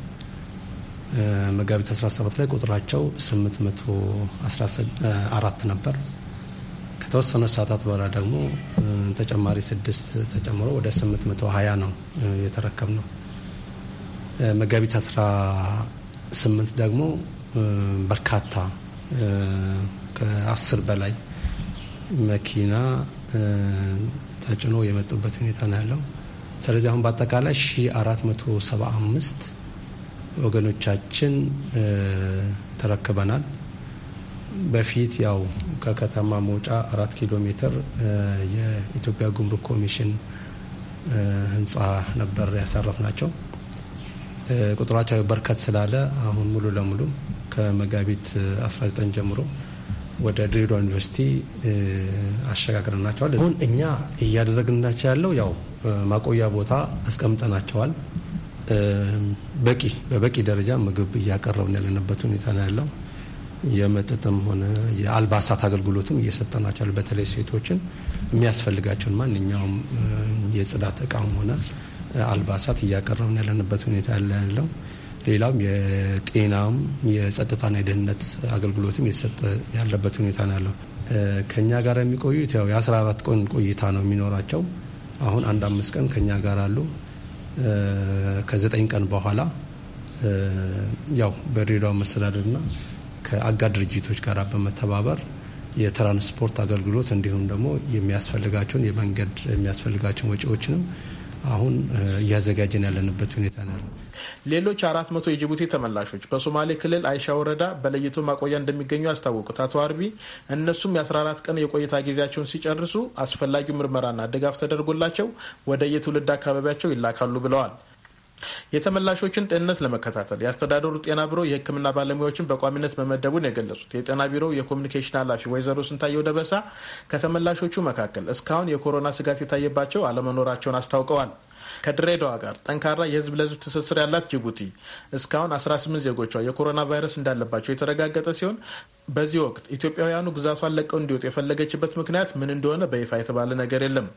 መጋቢት 17 ላይ ቁጥራቸው 814 ነበር። ከተወሰነ ሰዓታት በኋላ ደግሞ ተጨማሪ ስድስት ተጨምሮ ወደ 820 ነው የተረከብ ነው። መጋቢት 18 ደግሞ በርካታ ከ10 በላይ መኪና ተጭኖ የመጡበት ሁኔታ ነው ያለው። ስለዚህ አሁን በአጠቃላይ 1475 ወገኖቻችን ተረክበናል። በፊት ያው ከከተማ መውጫ አራት ኪሎ ሜትር የኢትዮጵያ ጉምሩክ ኮሚሽን ህንፃ ነበር ያሳረፍ ናቸው። ቁጥራቸው በርከት ስላለ አሁን ሙሉ ለሙሉ ከመጋቢት 19 ጀምሮ ወደ ድሬዳዋ ዩኒቨርሲቲ አሸጋግረናቸዋል። አሁን እኛ እያደረግናቸው ያለው ያው ማቆያ ቦታ አስቀምጠናቸዋል። በቂ በበቂ ደረጃ ምግብ እያቀረብን ያለንበት ሁኔታ ነው ያለው። የመጠጥም ሆነ የአልባሳት አገልግሎትም እየሰጠናቸው በተለይ ሴቶችን የሚያስፈልጋቸውን ማንኛውም የጽዳት እቃም ሆነ አልባሳት እያቀረብን ያለንበት ሁኔታ ያለው። ሌላውም የጤናም የጸጥታና የደህንነት አገልግሎትም እየተሰጠ ያለበት ሁኔታ ነው ያለው። ከእኛ ጋር የሚቆዩት ያው የ14 ቀን ቆይታ ነው የሚኖራቸው። አሁን አንድ አምስት ቀን ከእኛ ጋር አሉ። ከዘጠኝ ቀን በኋላ ያው በድሬዳዋ መስተዳደርና ከአጋር ድርጅቶች ጋር በመተባበር የትራንስፖርት አገልግሎት እንዲሁም ደግሞ የሚያስፈልጋቸውን የመንገድ የሚያስፈልጋቸውን ወጪዎችንም አሁን እያዘጋጀን ያለንበት ሁኔታ ነው። ሌሎች አራት መቶ የጅቡቲ ተመላሾች በሶማሌ ክልል አይሻ ወረዳ በለይቶ ማቆያ እንደሚገኙ ያስታወቁት አቶ አርቢ እነሱም የ14 ቀን የቆይታ ጊዜያቸውን ሲጨርሱ አስፈላጊው ምርመራና ድጋፍ ተደርጎላቸው ወደ የትውልድ አካባቢያቸው ይላካሉ ብለዋል። የተመላሾችን ጤንነት ለመከታተል የአስተዳደሩ ጤና ቢሮ የሕክምና ባለሙያዎችን በቋሚነት መመደቡን የገለጹት የጤና ቢሮ የኮሚኒኬሽን ኃላፊ ወይዘሮ ስንታየው ደበሳ ከተመላሾቹ መካከል እስካሁን የኮሮና ስጋት የታየባቸው አለመኖራቸውን አስታውቀዋል። ከድሬዳዋ ጋር ጠንካራ የህዝብ ለህዝብ ትስስር ያላት ጅቡቲ እስካሁን 18 ዜጎቿ የኮሮና ቫይረስ እንዳለባቸው የተረጋገጠ ሲሆን በዚህ ወቅት ኢትዮጵያውያኑ ግዛቷን ለቀው እንዲወጡ የፈለገችበት ምክንያት ምን እንደሆነ በይፋ የተባለ ነገር የለም።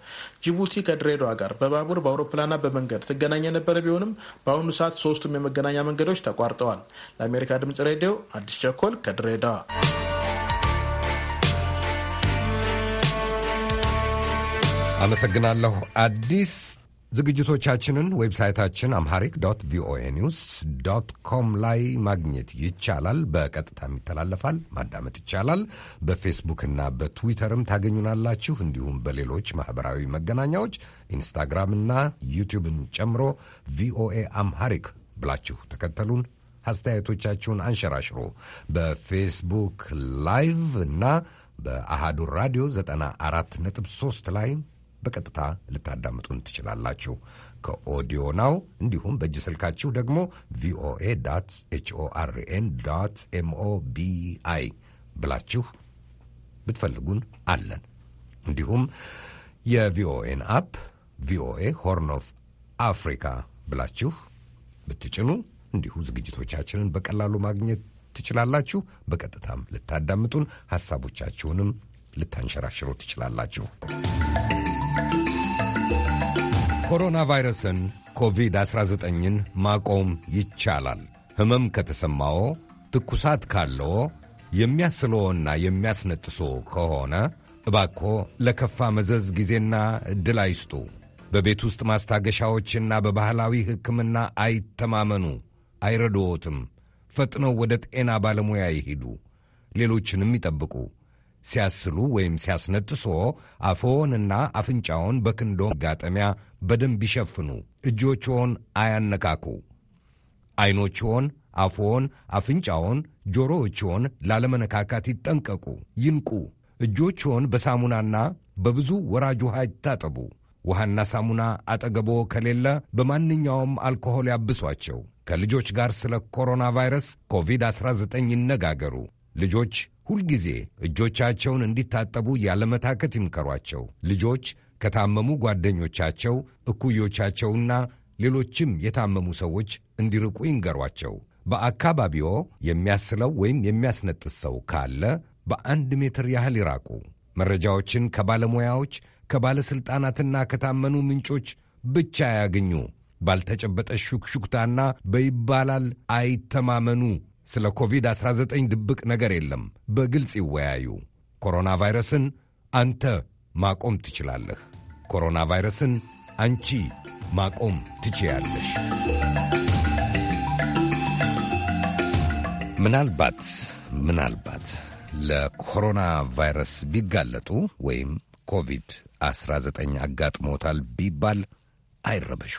ጅቡቲ ከድሬዳዋ ጋር በባቡር በአውሮፕላንና በመንገድ ትገናኝ የነበረ ቢሆንም በአሁኑ ሰዓት ሶስቱም የመገናኛ መንገዶች ተቋርጠዋል። ለአሜሪካ ድምጽ ሬዲዮ አዲስ ቸኮል ከድሬዳዋ። አመሰግናለሁ አዲስ። ዝግጅቶቻችንን ዌብሳይታችን አምሃሪክ ዶት ቪኦኤ ኒውስ ዶት ኮም ላይ ማግኘት ይቻላል። በቀጥታም ይተላለፋል፣ ማዳመጥ ይቻላል። በፌስቡክና በትዊተርም ታገኙናላችሁ። እንዲሁም በሌሎች ማህበራዊ መገናኛዎች ኢንስታግራምና ዩቲዩብን ጨምሮ ቪኦኤ አምሃሪክ ብላችሁ ተከተሉን። አስተያየቶቻችሁን አንሸራሽሩ። በፌስቡክ ላይቭ እና በአሃዱ ራዲዮ 94.3 ላይ በቀጥታ ልታዳምጡን ትችላላችሁ። ከኦዲዮ ናው እንዲሁም በእጅ ስልካችሁ ደግሞ ቪኦኤ ዶት ኤችኦአርኤን ቢአይ ብላችሁ ብትፈልጉን አለን። እንዲሁም የቪኦኤን አፕ ቪኦኤ ሆርን ኦፍ አፍሪካ ብላችሁ ብትጭኑ እንዲሁ ዝግጅቶቻችንን በቀላሉ ማግኘት ትችላላችሁ። በቀጥታም ልታዳምጡን ሐሳቦቻችሁንም ልታንሸራሽሩ ትችላላችሁ። ኮሮና ቫይረስን ኮቪድ-19ን ማቆም ይቻላል። ህመም ከተሰማዎ፣ ትኩሳት ካለዎ፣ የሚያስለዎና የሚያስነጥሶ ከሆነ እባክዎ ለከፋ መዘዝ ጊዜና ዕድል አይስጡ። በቤት ውስጥ ማስታገሻዎችና በባህላዊ ሕክምና አይተማመኑ፣ አይረዶዎትም። ፈጥነው ወደ ጤና ባለሙያ ይሂዱ፣ ሌሎችንም ይጠብቁ። ሲያስሉ ወይም ሲያስነጥሶ አፎንና አፍንጫውን በክንዶ መጋጠሚያ በደንብ ይሸፍኑ። እጆችዎን አያነካኩ። ዐይኖችዎን፣ አፎን አፍንጫውን ጆሮዎችዎን ላለመነካካት ይጠንቀቁ። ይንቁ። እጆችዎን በሳሙናና በብዙ ወራጅ ውሃ ይታጠቡ። ውሃና ሳሙና አጠገቦ ከሌለ በማንኛውም አልኮሆል ያብሷቸው። ከልጆች ጋር ስለ ኮሮና ቫይረስ ኮቪድ-19 ይነጋገሩ። ልጆች ሁልጊዜ እጆቻቸውን እንዲታጠቡ ያለመታከት ይምከሯቸው። ልጆች ከታመሙ ጓደኞቻቸው፣ እኩዮቻቸውና ሌሎችም የታመሙ ሰዎች እንዲርቁ ይንገሯቸው። በአካባቢዎ የሚያስለው ወይም የሚያስነጥስ ሰው ካለ በአንድ ሜትር ያህል ይራቁ። መረጃዎችን ከባለሙያዎች ከባለሥልጣናትና ከታመኑ ምንጮች ብቻ ያገኙ። ባልተጨበጠ ሹክሹክታና በይባላል አይተማመኑ። ስለ ኮቪድ-19 ድብቅ ነገር የለም። በግልጽ ይወያዩ። ኮሮና ቫይረስን አንተ ማቆም ትችላለህ። ኮሮና ቫይረስን አንቺ ማቆም ትችያለሽ። ምናልባት ምናልባት ለኮሮና ቫይረስ ቢጋለጡ ወይም ኮቪድ-19 አጋጥሞታል ቢባል አይረበሹ።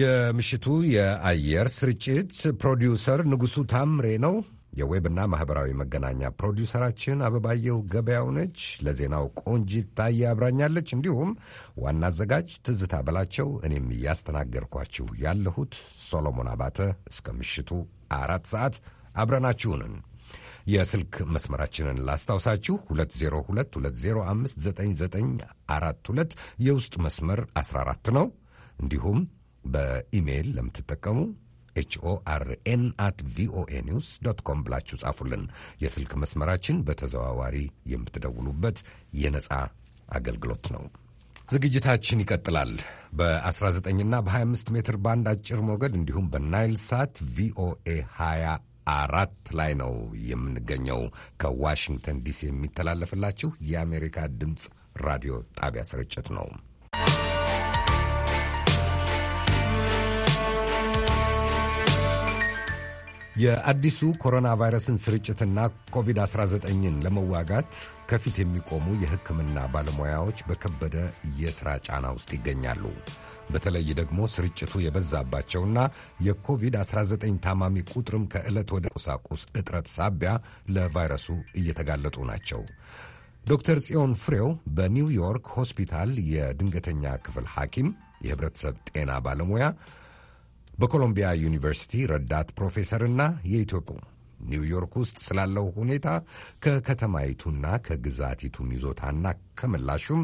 የምሽቱ የአየር ስርጭት ፕሮዲውሰር ንጉሱ ታምሬ ነው። የዌብና ማኅበራዊ መገናኛ ፕሮዲውሰራችን አበባየው ገበያው ነች። ለዜናው ቆንጂት ታዬ አብራኛለች። እንዲሁም ዋና አዘጋጅ ትዝታ በላቸው። እኔም እያስተናገርኳችሁ ያለሁት ሶሎሞን አባተ እስከ ምሽቱ አራት ሰዓት አብረናችሁንን የስልክ መስመራችንን ላስታውሳችሁ 2022059942 የውስጥ መስመር 14 ነው። እንዲሁም በኢሜይል ለምትጠቀሙ ኤችኦአርኤን አት ቪኦኤ ኒውስ ዶት ኮም ብላችሁ ጻፉልን። የስልክ መስመራችን በተዘዋዋሪ የምትደውሉበት የነጻ አገልግሎት ነው። ዝግጅታችን ይቀጥላል። በ19ና በ25 ሜትር ባንድ አጭር ሞገድ እንዲሁም በናይል ሳት ቪኦኤ 24 ላይ ነው የምንገኘው። ከዋሽንግተን ዲሲ የሚተላለፍላችሁ የአሜሪካ ድምፅ ራዲዮ ጣቢያ ስርጭት ነው። የአዲሱ ኮሮና ቫይረስን ስርጭትና ኮቪድ-19ን ለመዋጋት ከፊት የሚቆሙ የሕክምና ባለሙያዎች በከበደ የሥራ ጫና ውስጥ ይገኛሉ። በተለይ ደግሞ ስርጭቱ የበዛባቸውና የኮቪድ-19 ታማሚ ቁጥርም ከዕለት ወደ ቁሳቁስ እጥረት ሳቢያ ለቫይረሱ እየተጋለጡ ናቸው። ዶክተር ጽዮን ፍሬው በኒውዮርክ ሆስፒታል የድንገተኛ ክፍል ሐኪም፣ የህብረተሰብ ጤና ባለሙያ በኮሎምቢያ ዩኒቨርሲቲ ረዳት ፕሮፌሰርና የኢትዮጵያ ኒውዮርክ ውስጥ ስላለው ሁኔታ ከከተማይቱና ከግዛቲቱም ይዞታና ከምላሹም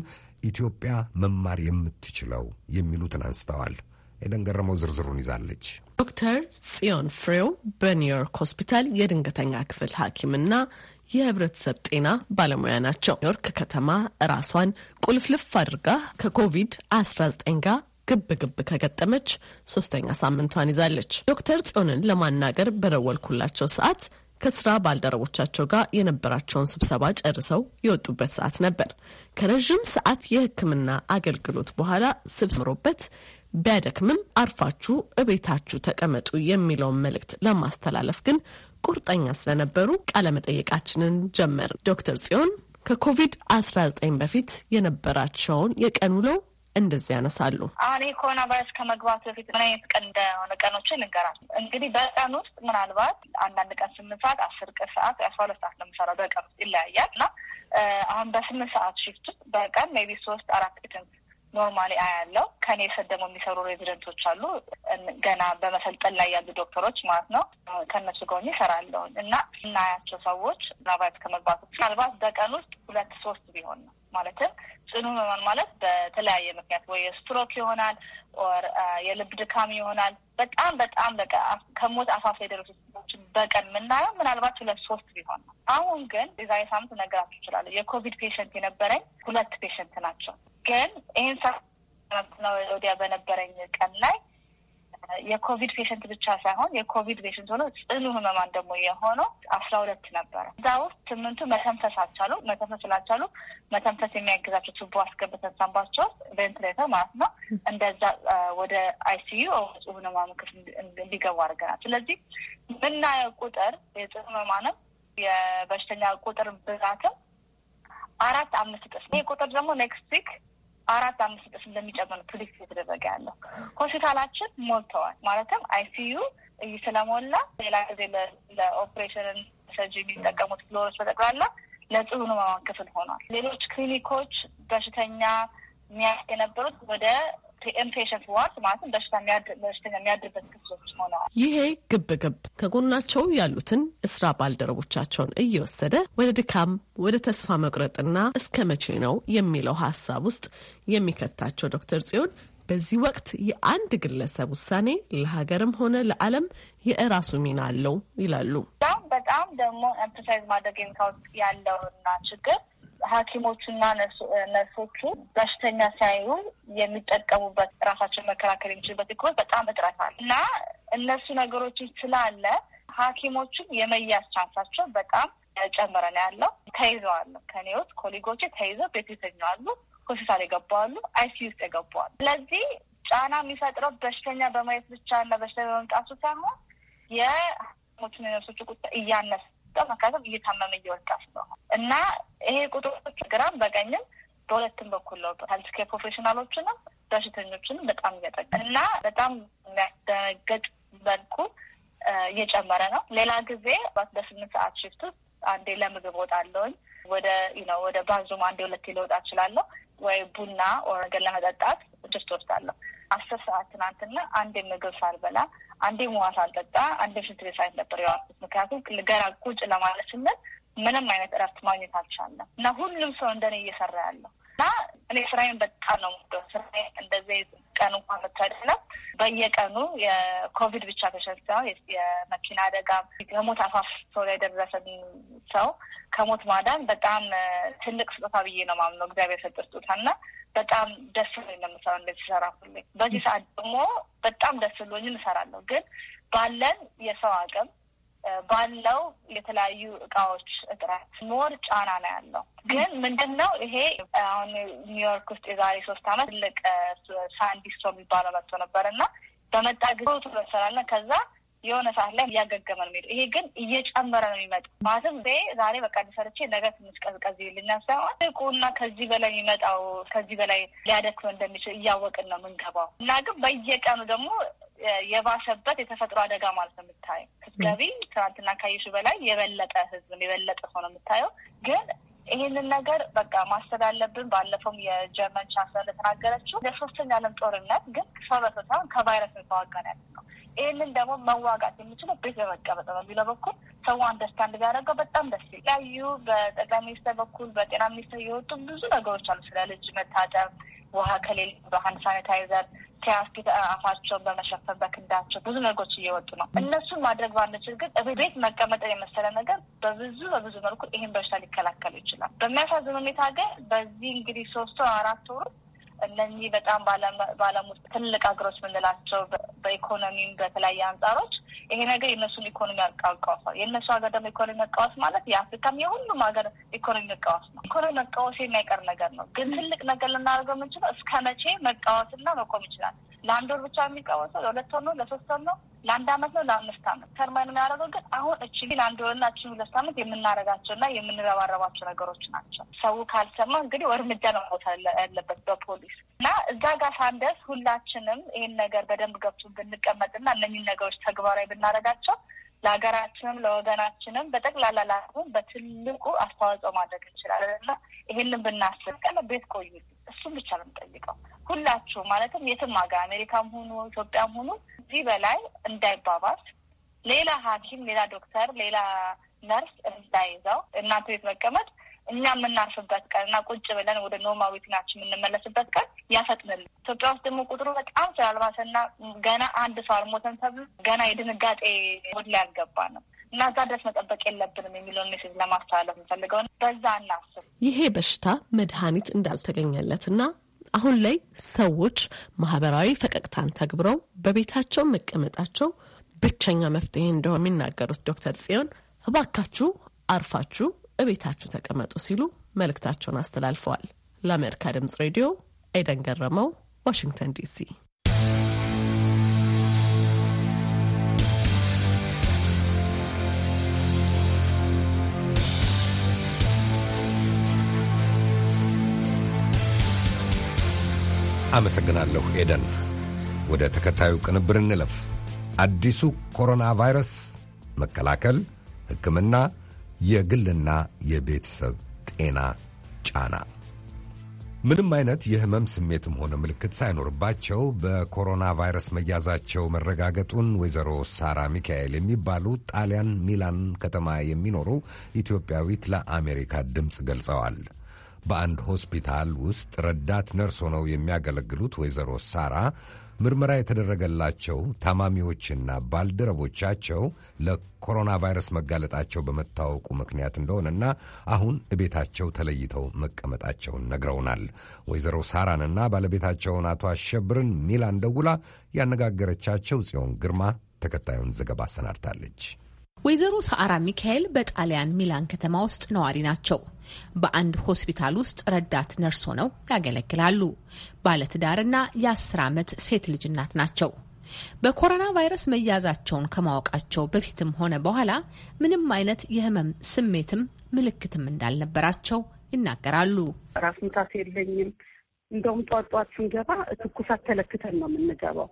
ኢትዮጵያ መማር የምትችለው የሚሉትን አንስተዋል። ኤደን ገረመው ዝርዝሩን ይዛለች። ዶክተር ጽዮን ፍሬው በኒውዮርክ ሆስፒታል የድንገተኛ ክፍል ሐኪምና የህብረተሰብ ጤና ባለሙያ ናቸው። ኒውዮርክ ከተማ ራሷን ቁልፍልፍ አድርጋ ከኮቪድ-19 ጋር ግብ ግብ ከገጠመች ሶስተኛ ሳምንቷን ይዛለች። ዶክተር ጽዮንን ለማናገር በደወልኩላቸው ሰዓት ከስራ ባልደረቦቻቸው ጋር የነበራቸውን ስብሰባ ጨርሰው የወጡበት ሰዓት ነበር። ከረዥም ሰዓት የሕክምና አገልግሎት በኋላ ስብሰምሮበት ቢያደክምም አርፋችሁ እቤታችሁ ተቀመጡ የሚለውን መልእክት ለማስተላለፍ ግን ቁርጠኛ ስለነበሩ ቃለመጠየቃችንን ጀመር ዶክተር ጽዮን ከኮቪድ-19 በፊት የነበራቸውን የቀን ውለው እንደዚህ ያነሳሉ። አሁን ይህ ኮሮና ቫይረስ ከመግባት በፊት ምን አይነት ቀን እንደሆነ ቀኖችን እንገራል። እንግዲህ በቀን ውስጥ ምናልባት አንዳንድ ቀን ስምንት ሰዓት፣ አስር ቀን ሰዓት፣ አስራ ሁለት ሰዓት ነው የምሰራው በቀን ውስጥ ይለያያል እና አሁን በስምንት ሰዓት ሽፍት ውስጥ በቀን ሜይ ቢ ሶስት አራት ቅድም ኖርማሊ አያለው። ከኔ ስር ደግሞ የሚሰሩ ሬዚደንቶች አሉ ገና በመሰልጠን ላይ ያሉ ዶክተሮች ማለት ነው። ከእነሱ ጋር ሆኜ እና እናያቸው ሰዎች ናቫይት ከመግባቱ ምናልባት በቀን ውስጥ ሁለት ሶስት ቢሆን ነው ማለትም ጽኑ ህመማን ማለት በተለያየ ምክንያት ወይ ስትሮክ ይሆናል ኦር የልብ ድካም ይሆናል። በጣም በጣም በቃ ከሞት አፋፍ የደረሱ ሰዎችን በቀን የምናየው ምናልባት ሁለት ሶስት ቢሆን ነው። አሁን ግን የዛ ሳምንት ነገራችሁ ይችላለሁ። የኮቪድ ፔሽንት የነበረኝ ሁለት ፔሽንት ናቸው። ግን ይህን ነው ወዲያ በነበረኝ ቀን ላይ የኮቪድ ፔሽንት ብቻ ሳይሆን የኮቪድ ፔሽንት ሆኖ ጽኑ ህመማን ደግሞ የሆነው አስራ ሁለት ነበረ። እዛ ውስጥ ስምንቱ መተንፈስ አልቻሉ። መተንፈስ ስላልቻሉ መተንፈስ የሚያግዛቸው ቱቦ አስገብተን ሳንባቸው ቬንትሌተር ማለት ነው እንደዛ ወደ አይሲዩ ጽኑ ህሙማን ክፍል እንዲገቡ አድርገናል። ስለዚህ ምናየው ቁጥር የጽኑ ህመማንም የበሽተኛ ቁጥር ብዛትም አራት አምስት ጥፍ ይህ ቁጥር ደግሞ ኔክስት ዊክ አራት አምስት ስድስት እንደሚጨምር ፕሪዲክት የተደረገ ያለው ሆስፒታላችን ሞልተዋል። ማለትም አይሲዩ ስለሞላ ሌላ ጊዜ ለኦፕሬሽንን ሰጅ የሚጠቀሙት ፍሎሮች በጠቅላላ ለጽኑ ህሙማን ክፍል ሆኗል። ሌሎች ክሊኒኮች በሽተኛ የሚያስ የነበሩት ወደ ኢንፔሽንት ዋርድ ማለትም በሽተኛ የሚያድርበት ክፍሎች ሆነዋል። ይሄ ግብ ግብ ከጎናቸው ያሉትን እስራ ባልደረቦቻቸውን እየወሰደ ወደ ድካም፣ ወደ ተስፋ መቁረጥና እስከ መቼ ነው የሚለው ሀሳብ ውስጥ የሚከታቸው ዶክተር ጽዮን በዚህ ወቅት የአንድ ግለሰብ ውሳኔ ለሀገርም ሆነ ለዓለም የእራሱ ሚና አለው ይላሉ። በጣም ደግሞ ኤምፕሳይዝ ማድረግ ያለውና ችግር ሐኪሞቹና ነርሶቹ በሽተኛ ሲያዩ የሚጠቀሙበት ራሳቸውን መከላከል የሚችሉበት ክሮች በጣም እጥረት አለ እና እነሱ ነገሮችን ስላለ ሐኪሞቹም የመያዝ ቻንሳቸው በጣም ጨምረ ነው ያለው። ተይዘዋል። ከኔ ውስጥ ኮሊጎች ተይዘው ቤት የተኛዋሉ፣ ሆስፒታል የገባዋሉ፣ አይሲ ውስጥ የገባዋሉ። ስለዚህ ጫና የሚፈጥረው በሽተኛ በማየት ብቻ እና በሽተኛ በመምጣቱ ሳይሆን የሐኪሞቹን የነርሶቹ ቁጥር እያነሰ መካከል እየታመመ እየወጣ ስለሆነ እና ይሄ ቁጥሮች ግራም በቀኝም በሁለትም በኩል ነው ሄልት ፕሮፌሽናሎችንም በሽተኞችንም በጣም እያጠቀ እና በጣም የሚያስደነግጥ መልኩ እየጨመረ ነው። ሌላ ጊዜ በስምንት ሰዓት ሽፍት ውስጥ አንዴ ለምግብ ወጣለውኝ ወደ ነው ወደ ባዙም አንዴ ሁለቴ ልወጣ እችላለሁ ወይ ቡና ወገን ለመጠጣት ጅስት ወስዳለሁ። አስር ሰዓት ትናንትና አንዴ ምግብ ሳልበላ አንዴ ውሃ ሳልጠጣ አንዴ ሽንት ቤት ሳይነበር የዋልኩት ምክንያቱም ገና ቁጭ ለማለት ስንል ምንም አይነት እረፍት ማግኘት አልቻለም እና ሁሉም ሰው እንደኔ እየሰራ ያለው እና እኔ ስራዬን በጣም ነው የምወደው። ስራዬ እንደዚህ ቀን እንኳን መታደለም በየቀኑ የኮቪድ ብቻ ፔሸንት የመኪና አደጋ የሞት አፋፍ ሰው ላይ ደረሰን ሰው ከሞት ማዳን በጣም ትልቅ ስጦታ ብዬ ነው ማምነው። እግዚአብሔር ሰጠ ስጦታ እና በጣም ደስ ብሎኝ ነው የምሰራው። እንደዚህ ሰራ በዚህ ሰዓት ደግሞ በጣም ደስ ብሎኝ እንሰራለሁ። ግን ባለን የሰው አቅም ባለው የተለያዩ እቃዎች እጥረት ኖር ጫና ነው ያለው። ግን ምንድን ነው ይሄ አሁን ኒውዮርክ ውስጥ የዛሬ ሶስት አመት ትልቅ ሳንዲስቶ የሚባለው መጥቶ ነበር እና በመጣ ጊዜ ትበሰላል ከዛ የሆነ ሰዓት ላይ እያገገመ ነው የሚሄደው። ይሄ ግን እየጨመረ ነው የሚመጣው። ማለትም ዛሬ በቃ ሰርቼ ነገ ትንሽ ቀዝቀዝ ይልኛል ሳይሆን እና ከዚህ በላይ የሚመጣው ከዚህ በላይ ሊያደክመ እንደሚችል እያወቅን ነው የምንገባው እና ግን በየቀኑ ደግሞ የባሰበት የተፈጥሮ አደጋ ማለት ነው የምታየ ስትገቢ ትናንትና ካየሽ በላይ የበለጠ ህዝብ የበለጠ ሰው ነው የምታየው ግን ይህንን ነገር በቃ ማሰብ ያለብን ባለፈውም የጀርመን ቻንስለር እንደተናገረችው ለሶስተኛ ዓለም ጦርነት ግን ሰው ሳይሆን ከቫይረስ የተዋጋን ያለ ነው። ይህንን ደግሞ መዋጋት የሚችለው ቤት በመቀመጥ ነው የሚለው በኩል ሰው አንደርስታንድ ቢያደርገው በጣም ደስ ይላል። የተለያዩ በጠቅላይ ሚኒስትር በኩል በጤና ሚኒስትር የወጡ ብዙ ነገሮች አሉ። ስለ ልጅ መታጠብ፣ ውሃ ከሌል በሃንድ ሳኒታይዘር ሲያስኪ አፋቸውን በመሸፈን በክንዳቸው ብዙ ነገሮች እየወጡ ነው። እነሱን ማድረግ ባንችል ግን ቤት መቀመጠን የመሰለ ነገር በብዙ በብዙ መልኩ ይህን በሽታ ሊከላከሉ ይችላል። በሚያሳዝን ሁኔታ ግን በዚህ እንግዲህ ሶስት ወር አራት ወሩ እነኚህ በጣም በዓለም ውስጥ ትልቅ ሀገሮች የምንላቸው በኢኮኖሚም በተለያየ አንጻሮች ይሄ ነገር የእነሱን ኢኮኖሚ ያቃውቀዋል። የእነሱ ሀገር ደግሞ ኢኮኖሚ መቃወስ ማለት የአፍሪካም የሁሉም ሀገር ኢኮኖሚ መቃወስ ነው። ኢኮኖሚ መቃወስ የማይቀር ነገር ነው። ግን ትልቅ ነገር ልናደርገው የምንችለው እስከ መቼ መቃወስና መቆም ይችላል። ለአንድ ወር ብቻ የሚቃወሰው ለሁለት ወር ነው፣ ለሶስት ወር ነው ለአንድ አመት ነው ለአምስት አመት ተርማን የምናደርገው ግን አሁን እች ለአንድ ወርና እችን ሁለት አመት የምናደርጋቸው እና የምንረባረባቸው ነገሮች ናቸው። ሰው ካልሰማ እንግዲህ እርምጃ ነው ያለበት በፖሊስ እና እዛ ጋር ሳንደርስ ሁላችንም ይህን ነገር በደንብ ገብቶ ብንቀመጥና እነኝን ነገሮች ተግባራዊ ብናደርጋቸው ለሀገራችንም ለወገናችንም በጠቅላላ ላሁን በትልቁ አስተዋጽኦ ማድረግ እንችላለን እና ይሄንን ብናስብ ቀን ቤት ቆዩ። እሱም ብቻ ነው የምጠይቀው ሁላችሁ ማለትም የትም ሀገር አሜሪካም ሆኑ ኢትዮጵያም ሆኑ እዚህ በላይ እንዳይባባስ ሌላ ሐኪም ሌላ ዶክተር ሌላ ነርስ እንዳይዘው እናንተ ቤት መቀመጥ እኛ የምናርፍበት ቀን እና ቁጭ ብለን ወደ ኖርማዊ ቲናችን የምንመለስበት ቀን ያፈጥንልን። ኢትዮጵያ ውስጥ ደግሞ ቁጥሩ በጣም ስላልባሰና ገና አንድ ሰው አልሞተን ተብሎ ገና የድንጋጤ ወድ ላይ ያልገባ ነው እና እዛ ድረስ መጠበቅ የለብንም የሚለውን ሜሴጅ ለማስተላለፍ እንፈልገው። በዛ እናስብ። ይሄ በሽታ መድኃኒት እንዳልተገኘለትና አሁን ላይ ሰዎች ማህበራዊ ፈቀቅታን ተግብረው በቤታቸው መቀመጣቸው ብቸኛ መፍትሄ እንደሆነ የሚናገሩት ዶክተር ጽዮን እባካችሁ አርፋችሁ እቤታችሁ ተቀመጡ ሲሉ መልእክታቸውን አስተላልፈዋል። ለአሜሪካ ድምጽ ሬዲዮ ኤደን ገረመው፣ ዋሽንግተን ዲሲ። አመሰግናለሁ ኤደን። ወደ ተከታዩ ቅንብር እንለፍ። አዲሱ ኮሮና ቫይረስ መከላከል፣ ሕክምና የግልና የቤተሰብ ጤና ጫና ምንም አይነት የህመም ስሜትም ሆነ ምልክት ሳይኖርባቸው በኮሮና ቫይረስ መያዛቸው መረጋገጡን ወይዘሮ ሳራ ሚካኤል የሚባሉ ጣሊያን ሚላን ከተማ የሚኖሩ ኢትዮጵያዊት ለአሜሪካ ድምፅ ገልጸዋል። በአንድ ሆስፒታል ውስጥ ረዳት ነርስ ሆነው የሚያገለግሉት ወይዘሮ ሳራ ምርመራ የተደረገላቸው ታማሚዎችና ባልደረቦቻቸው ለኮሮና ቫይረስ መጋለጣቸው በመታወቁ ምክንያት እንደሆነና አሁን እቤታቸው ተለይተው መቀመጣቸውን ነግረውናል። ወይዘሮ ሳራንና ባለቤታቸውን አቶ አሸብርን ሚላን ደውላ ያነጋገረቻቸው ጽዮን ግርማ ተከታዩን ዘገባ አሰናድታለች። ወይዘሮ ሰአራ ሚካኤል በጣሊያን ሚላን ከተማ ውስጥ ነዋሪ ናቸው። በአንድ ሆስፒታል ውስጥ ረዳት ነርስ ሆነው ያገለግላሉ። ባለትዳርና የአስር ዓመት ሴት ልጅ እናት ናቸው። በኮሮና ቫይረስ መያዛቸውን ከማወቃቸው በፊትም ሆነ በኋላ ምንም አይነት የህመም ስሜትም ምልክትም እንዳልነበራቸው ይናገራሉ። ራስ ምታት የለኝም፣ እንደውም ጧት ጧት ስንገባ ትኩሳት ተለክተን ነው የምንገባው።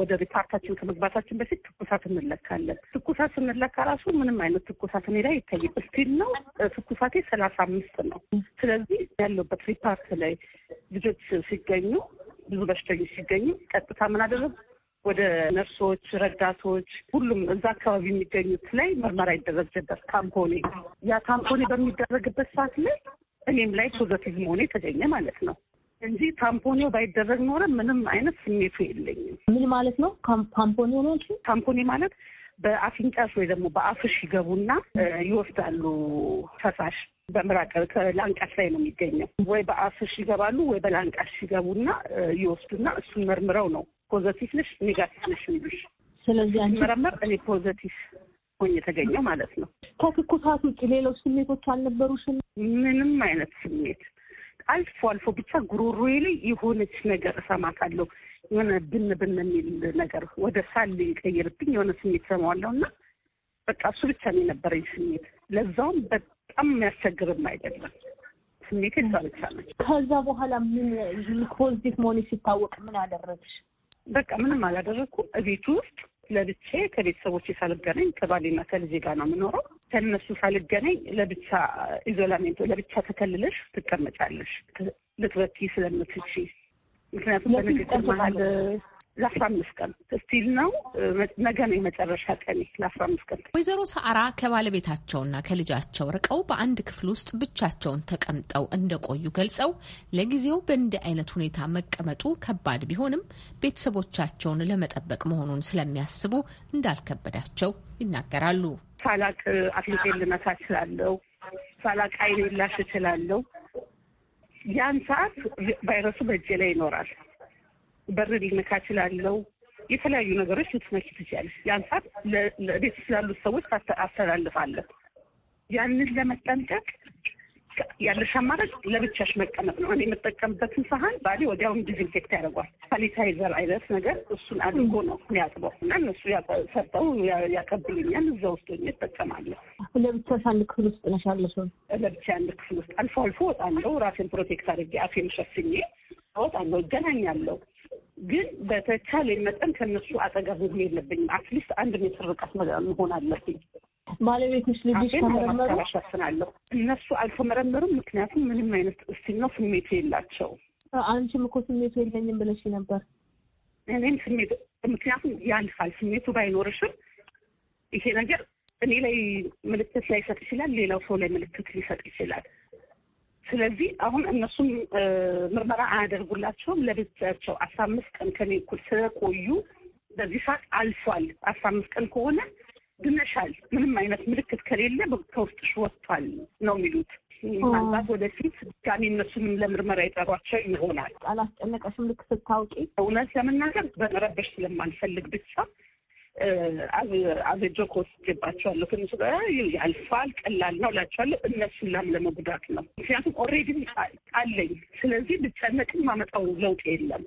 ወደ ሪፓርታችን ከመግባታችን በፊት ትኩሳት እንለካለን። ትኩሳት ስንለካ ራሱ ምንም አይነት ትኩሳት እኔ ላይ ይታይም እስቲል ነው ትኩሳቴ ሰላሳ አምስት ነው። ስለዚህ ያለበት ሪፓርት ላይ ልጆች ሲገኙ ብዙ በሽተኞች ሲገኙ ቀጥታ ምን አደረጉ? ወደ ነርሶች፣ ረዳቶች፣ ሁሉም እዛ አካባቢ የሚገኙት ላይ ምርመራ ይደረግ ጀበር ታምፖኔ ያ ታምፖኔ በሚደረግበት ሰዓት ላይ እኔም ላይ ፖዘቲቭ መሆኔ የተገኘ ማለት ነው እንጂ ታምፖኒዮ ባይደረግ ኖረ ምንም አይነት ስሜቱ የለኝም። ምን ማለት ነው ታምፖኒዮ ነው? ታምፖኒ ማለት በአፍንጫሽ ወይ ደግሞ በአፍሽ ይገቡና ይወስዳሉ ፈሳሽ በምራቅ ላንቃሽ ላይ ነው የሚገኘው። ወይ በአፍሽ ይገባሉ ወይ በላንቃሽ ይገቡና ይወስዱና እሱን መርምረው ነው ፖዘቲቭ ነሽ ኔጋቲቭ ነሽ የሚሉሽ። ስለዚህ መረመር እኔ ፖዘቲቭ ሆኜ የተገኘው ማለት ነው። ከትኩሳት ውጭ ሌሎች ስሜቶች አልነበሩሽም? ምንም አይነት ስሜት አልፎ አልፎ ብቻ ጉሮሮዬ ላይ የሆነች ነገር እሰማታለሁ። የሆነ ብን ብን የሚል ነገር ወደ ሳል ይቀይርብኝ የሆነ ስሜት እሰማዋለሁ እና በቃ እሱ ብቻ ነው የነበረኝ ስሜት። ለዛውም በጣም የሚያስቸግርም አይደለም። ስሜት እዛ ብቻ ነው። ከዛ በኋላ ምን ፖዚቲቭ መሆኔ ሲታወቅ ምን አደረግሽ? በቃ ምንም አላደረግኩም። እቤቱ ውስጥ ለብቼ ከቤተሰቦች ሳልገናኝ ከባሌና ከልጄ ጋር ነው የምኖረው። ከነሱ ሳልገናኝ ለብቻ ኢዞላሜንቶ ለብቻ ተከልለሽ ትቀመጫለሽ ልትበኪ ስለምትች ምክንያቱም በንግግር መሀል ለአስራ አምስት ቀን ስቲል ነው። ነገ ነው የመጨረሻ ቀን ለአስራ አምስት ቀን። ወይዘሮ ሰአራ ከባለቤታቸውና ከልጃቸው ርቀው በአንድ ክፍል ውስጥ ብቻቸውን ተቀምጠው እንደቆዩ ገልጸው ለጊዜው በእንዲህ አይነት ሁኔታ መቀመጡ ከባድ ቢሆንም ቤተሰቦቻቸውን ለመጠበቅ መሆኑን ስለሚያስቡ እንዳልከበዳቸው ይናገራሉ። ሳላቅ አፍንጫዬን ልመታ እችላለሁ። ሳላቅ ዓይኔን ላሽ እችላለሁ። ያን ሰዓት ቫይረሱ በእጄ ላይ ይኖራል። በር ሊነካ እችላለሁ። የተለያዩ ነገሮች ልትመኪ ትችያለሽ። ያን ሰዓት ቤት ስላሉት ሰዎች አስተላልፋለሁ። ያንን ለመጠንቀቅ ያለሽ አማራጭ ለብቻሽ መቀመጥ ነው። እኔ የምጠቀምበትን ሳህን ባሌ ወዲያውም ዲዝንፌክት ያደርጓል። ሳኒታይዘር አይነት ነገር እሱን አድርጎ ነው የሚያጥበው እና እነሱ ሰርተው ያቀብሉኛል። እዛ ውስጥ ሆኜ እጠቀማለሁ። ለብቻሽ አንድ ክፍል ውስጥ ነሽ ያለሽው? ለብቻ አንድ ክፍል ውስጥ አልፎ አልፎ ወጣለሁ። ራሴን ፕሮቴክት አድርጌ አፌን ሸፍኜ እወጣለሁ፣ እገናኛለሁ ግን በተቻለ መጠን ከነሱ አጠገብ መሆን የለብኝም። አትሊስት አንድ ሜትር ርቀት መሆን አለብኝ። ባለቤቶች ልጆች ተመረመሩ እነሱ አልተመረመሩም፣ ምክንያቱም ምንም አይነት እስቲ ነው ስሜቱ የላቸው። አንቺም እኮ ስሜቱ የለኝም ብለሽ ነበር። እኔም ስሜቱ ምክንያቱም ያልፋል። ስሜቱ ባይኖርሽም ይሄ ነገር እኔ ላይ ምልክት ላይሰጥ ይችላል፣ ሌላው ሰው ላይ ምልክት ሊሰጥ ይችላል። ስለዚህ አሁን እነሱም ምርመራ አያደርጉላቸውም። ለቤተሰባቸው አስራ አምስት ቀን ከኔ እኩል ስለቆዩ በዚህ ሰዓት አልፏል። አስራ አምስት ቀን ከሆነ ድነሻል፣ ምንም አይነት ምልክት ከሌለ ከውስጥሽ ወጥቷል ነው የሚሉት። ምናልባት ወደፊት ድጋሚ እነሱንም ለምርመራ የጠሯቸው ይሆናል። አላስጨነቀሽም? ልክ ስታውቂ እውነት ለመናገር በመረበሽ ስለማንፈልግ ብቻ አበጀው ከወስጄባቸዋለሁ። ከነሱ ጋር ያልፋል፣ ቀላል ነው እላቸዋለሁ። እነሱናም ለመጉዳት ነው። ምክንያቱም ኦሬዲ አለኝ። ስለዚህ ብጨነቅ ማመጣው ለውጥ የለም።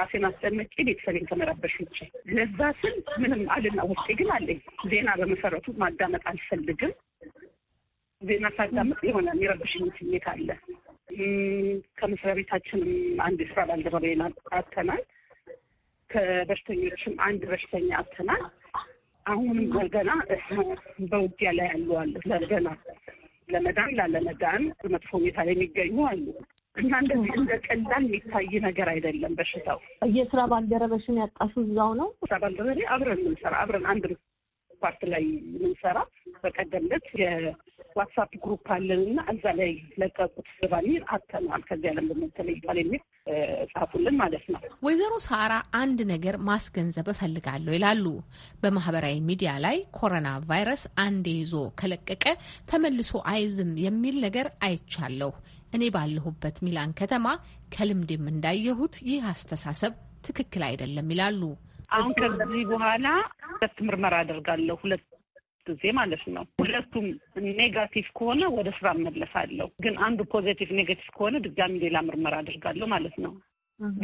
ራሴን አስጨነቄ ቤተሰቤን ከመረበሽ ውጭ ለዛ ስል ምንም አልና ውስጤ ግን አለኝ። ዜና በመሰረቱ ማዳመጥ አልፈልግም። ዜና ሳዳመጥ የሆነ የሚረብሽኝ ስሜት አለ። ከመስሪያ ቤታችንም አንድ ስራ ባልደረባ አጣተናል። ከበሽተኞችም አንድ በሽተኛ አተናል። አሁንም ገና በውጊያ ላይ ያሉ አሉ። ገና ለመዳን ላለመዳን መጥፎ ሁኔታ ላይ የሚገኙ አሉ እና እንደዚህ እንደ ቀላል የሚታይ ነገር አይደለም በሽታው። የስራ ባልደረበሽን ያጣሹ እዛው ነው? ስራ ባልደረበ አብረን የምንሰራ አብረን አንድ ፓርት ላይ የምንሰራ በቀደም ዕለት ዋትሳፕ ግሩፕ አለን እና እዛ ላይ ለቀቁት በሚል አተናል ከዚህ ዓለም በሞት ተለይቷል የሚል ጻፉልን ማለት ነው። ወይዘሮ ሳራ አንድ ነገር ማስገንዘብ እፈልጋለሁ ይላሉ። በማህበራዊ ሚዲያ ላይ ኮሮና ቫይረስ አንዴ ይዞ ከለቀቀ ተመልሶ አይዝም የሚል ነገር አይቻለሁ። እኔ ባለሁበት ሚላን ከተማ ከልምድም እንዳየሁት ይህ አስተሳሰብ ትክክል አይደለም ይላሉ። አሁን ከዚህ በኋላ ሁለት ምርመራ አደርጋለሁ። ሁለት ጊዜ ማለት ነው። ሁለቱም ኔጋቲቭ ከሆነ ወደ ስራ እመለሳለሁ፣ ግን አንዱ ፖዘቲቭ ኔጋቲቭ ከሆነ ድጋሚ ሌላ ምርመራ አድርጋለሁ ማለት ነው።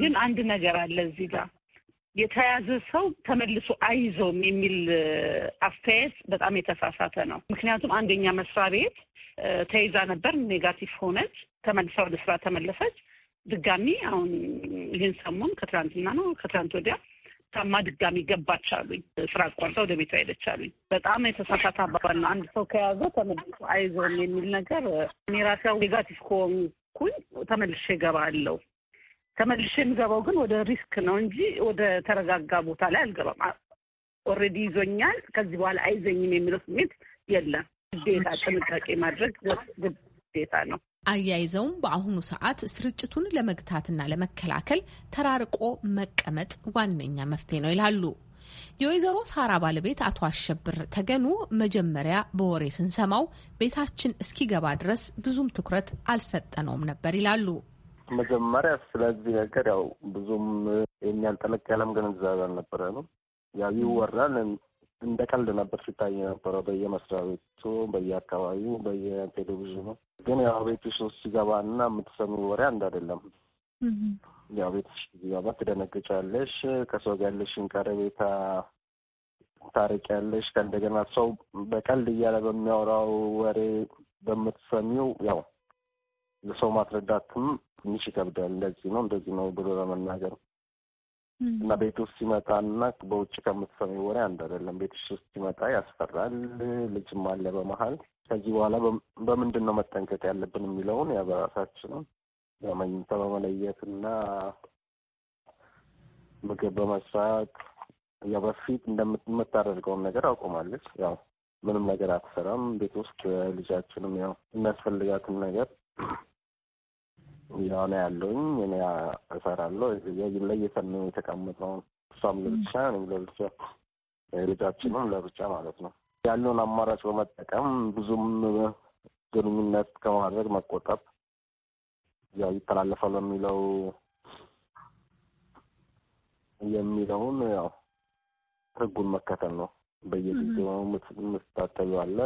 ግን አንድ ነገር አለ እዚህ ጋር የተያዘ ሰው ተመልሶ አይዞም የሚል አስተያየት በጣም የተሳሳተ ነው። ምክንያቱም አንደኛ መስሪያ ቤት ተይዛ ነበር፣ ኔጋቲቭ ሆነች፣ ተመልሳ ወደ ስራ ተመለሰች። ድጋሚ አሁን ይህን ሰሞን ከትናንትና ነው ከትናንት ወዲያ ታማ ድጋሚ ገባች አሉኝ። ስራ አቋርጠ ወደ ቤቷ ሄደች አሉኝ። በጣም የተሳሳተ አባባል ነው። አንድ ሰው ከያዘ ተመልሶ አይዞን የሚል ነገር እኔ ራሴ ኔጋቲቭ ከሆንኩኝ ተመልሼ እገባለሁ። ተመልሼ የምገባው ግን ወደ ሪስክ ነው እንጂ ወደ ተረጋጋ ቦታ ላይ አልገባም። ኦልሬዲ ይዞኛል፣ ከዚህ በኋላ አይዘኝም የሚለው ስሜት የለም። ግዴታ ጥንቃቄ ማድረግ ግዴታ ነው። አያይዘውም በአሁኑ ሰዓት ስርጭቱን ለመግታትና ለመከላከል ተራርቆ መቀመጥ ዋነኛ መፍትሄ ነው ይላሉ። የወይዘሮ ሳራ ባለቤት አቶ አሸብር ተገኑ መጀመሪያ በወሬ ስንሰማው ቤታችን እስኪገባ ድረስ ብዙም ትኩረት አልሰጠነውም ነበር ይላሉ። መጀመሪያ ስለዚህ ነገር ያው ብዙም የሚያንጠለቅ ያለም ግንዛቤ አልነበረ ነው ያው ይወራል እንደ ቀልድ ነበር ሲታይ የነበረው በየመስሪያ ቤቱ፣ በየአካባቢው፣ በየቴሌቪዥኑ። ግን ያው ቤት ውስጥ ሲገባ እና የምትሰሚው ወሬ አንድ አይደለም። ያው ቤት ውስጥ ሲገባ ትደነግጫለሽ። ከሰው ጋር ያለሽን ቀረቤታ ታሪቂያለሽ። ከእንደገና ሰው በቀልድ እያለ በሚያወራው ወሬ በምትሰሚው ያው ለሰው ማስረዳትም ትንሽ ይከብዳል። እንደዚህ ነው እንደዚህ ነው ብሎ ለመናገር እና ቤት ውስጥ ሲመጣ እና በውጭ ከምትሰሚው ወሬ አንድ አይደለም። ቤት ውስጥ ሲመጣ ያስፈራል። ልጅም አለ በመሀል። ከዚህ በኋላ በምንድን ነው መጠንቀቅ ያለብን የሚለውን ያ በራሳችን በመኝታ በመለየት እና ምግብ በመስራት ያ በፊት እንደምታደርገውን ነገር አቁማለች። ያው ምንም ነገር አትሰራም ቤት ውስጥ ልጃችንም ያው የሚያስፈልጋትን ነገር የሆነ ያለውኝ እኔ እሰራለሁ። ላይ ነው የተቀመጥነው። እሷም ለብቻ እኔም ለብቻ ልጃችንም ለብቻ ማለት ነው። ያለውን አማራጭ በመጠቀም ብዙም ግንኙነት ከማድረግ መቆጠብ ያው ይተላለፋል በሚለው የሚለውን ያው ህጉን መከተል ነው። በየጊዜው የምትታተቢው አለ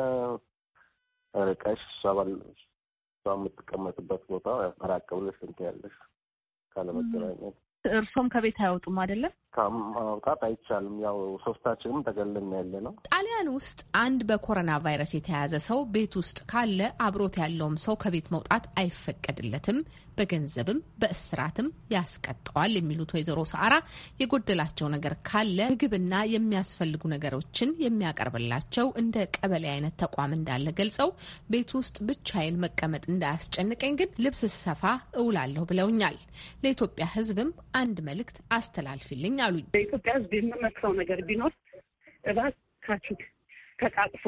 ርቀሽ ሰባል እሷ የምትቀመጥበት ቦታ ራቅ ብለሽ እንትን ያለሽ ካለመገናኘት እርሶም ከቤት አያወጡም አይደለም? ማውጣት አይቻልም። ያው ሶስታችንም ተገለን ያለ ነው። ጣሊያን ውስጥ አንድ በኮሮና ቫይረስ የተያዘ ሰው ቤት ውስጥ ካለ አብሮት ያለውም ሰው ከቤት መውጣት አይፈቀድለትም፣ በገንዘብም በእስራትም ያስቀጠዋል የሚሉት ወይዘሮ ሰአራ የጎደላቸው ነገር ካለ ምግብና የሚያስፈልጉ ነገሮችን የሚያቀርብላቸው እንደ ቀበሌ አይነት ተቋም እንዳለ ገልጸው ቤት ውስጥ ብቻዬን መቀመጥ እንዳያስጨንቀኝ ግን ልብስ ስሰፋ እውላለሁ ብለውኛል። ለኢትዮጵያ ሕዝብም አንድ መልእክት አስተላልፊልኝ አሉኝ። በኢትዮጵያ ሕዝብ የምመክረው ነገር ቢኖር እባካችሁ ተቃቅፎ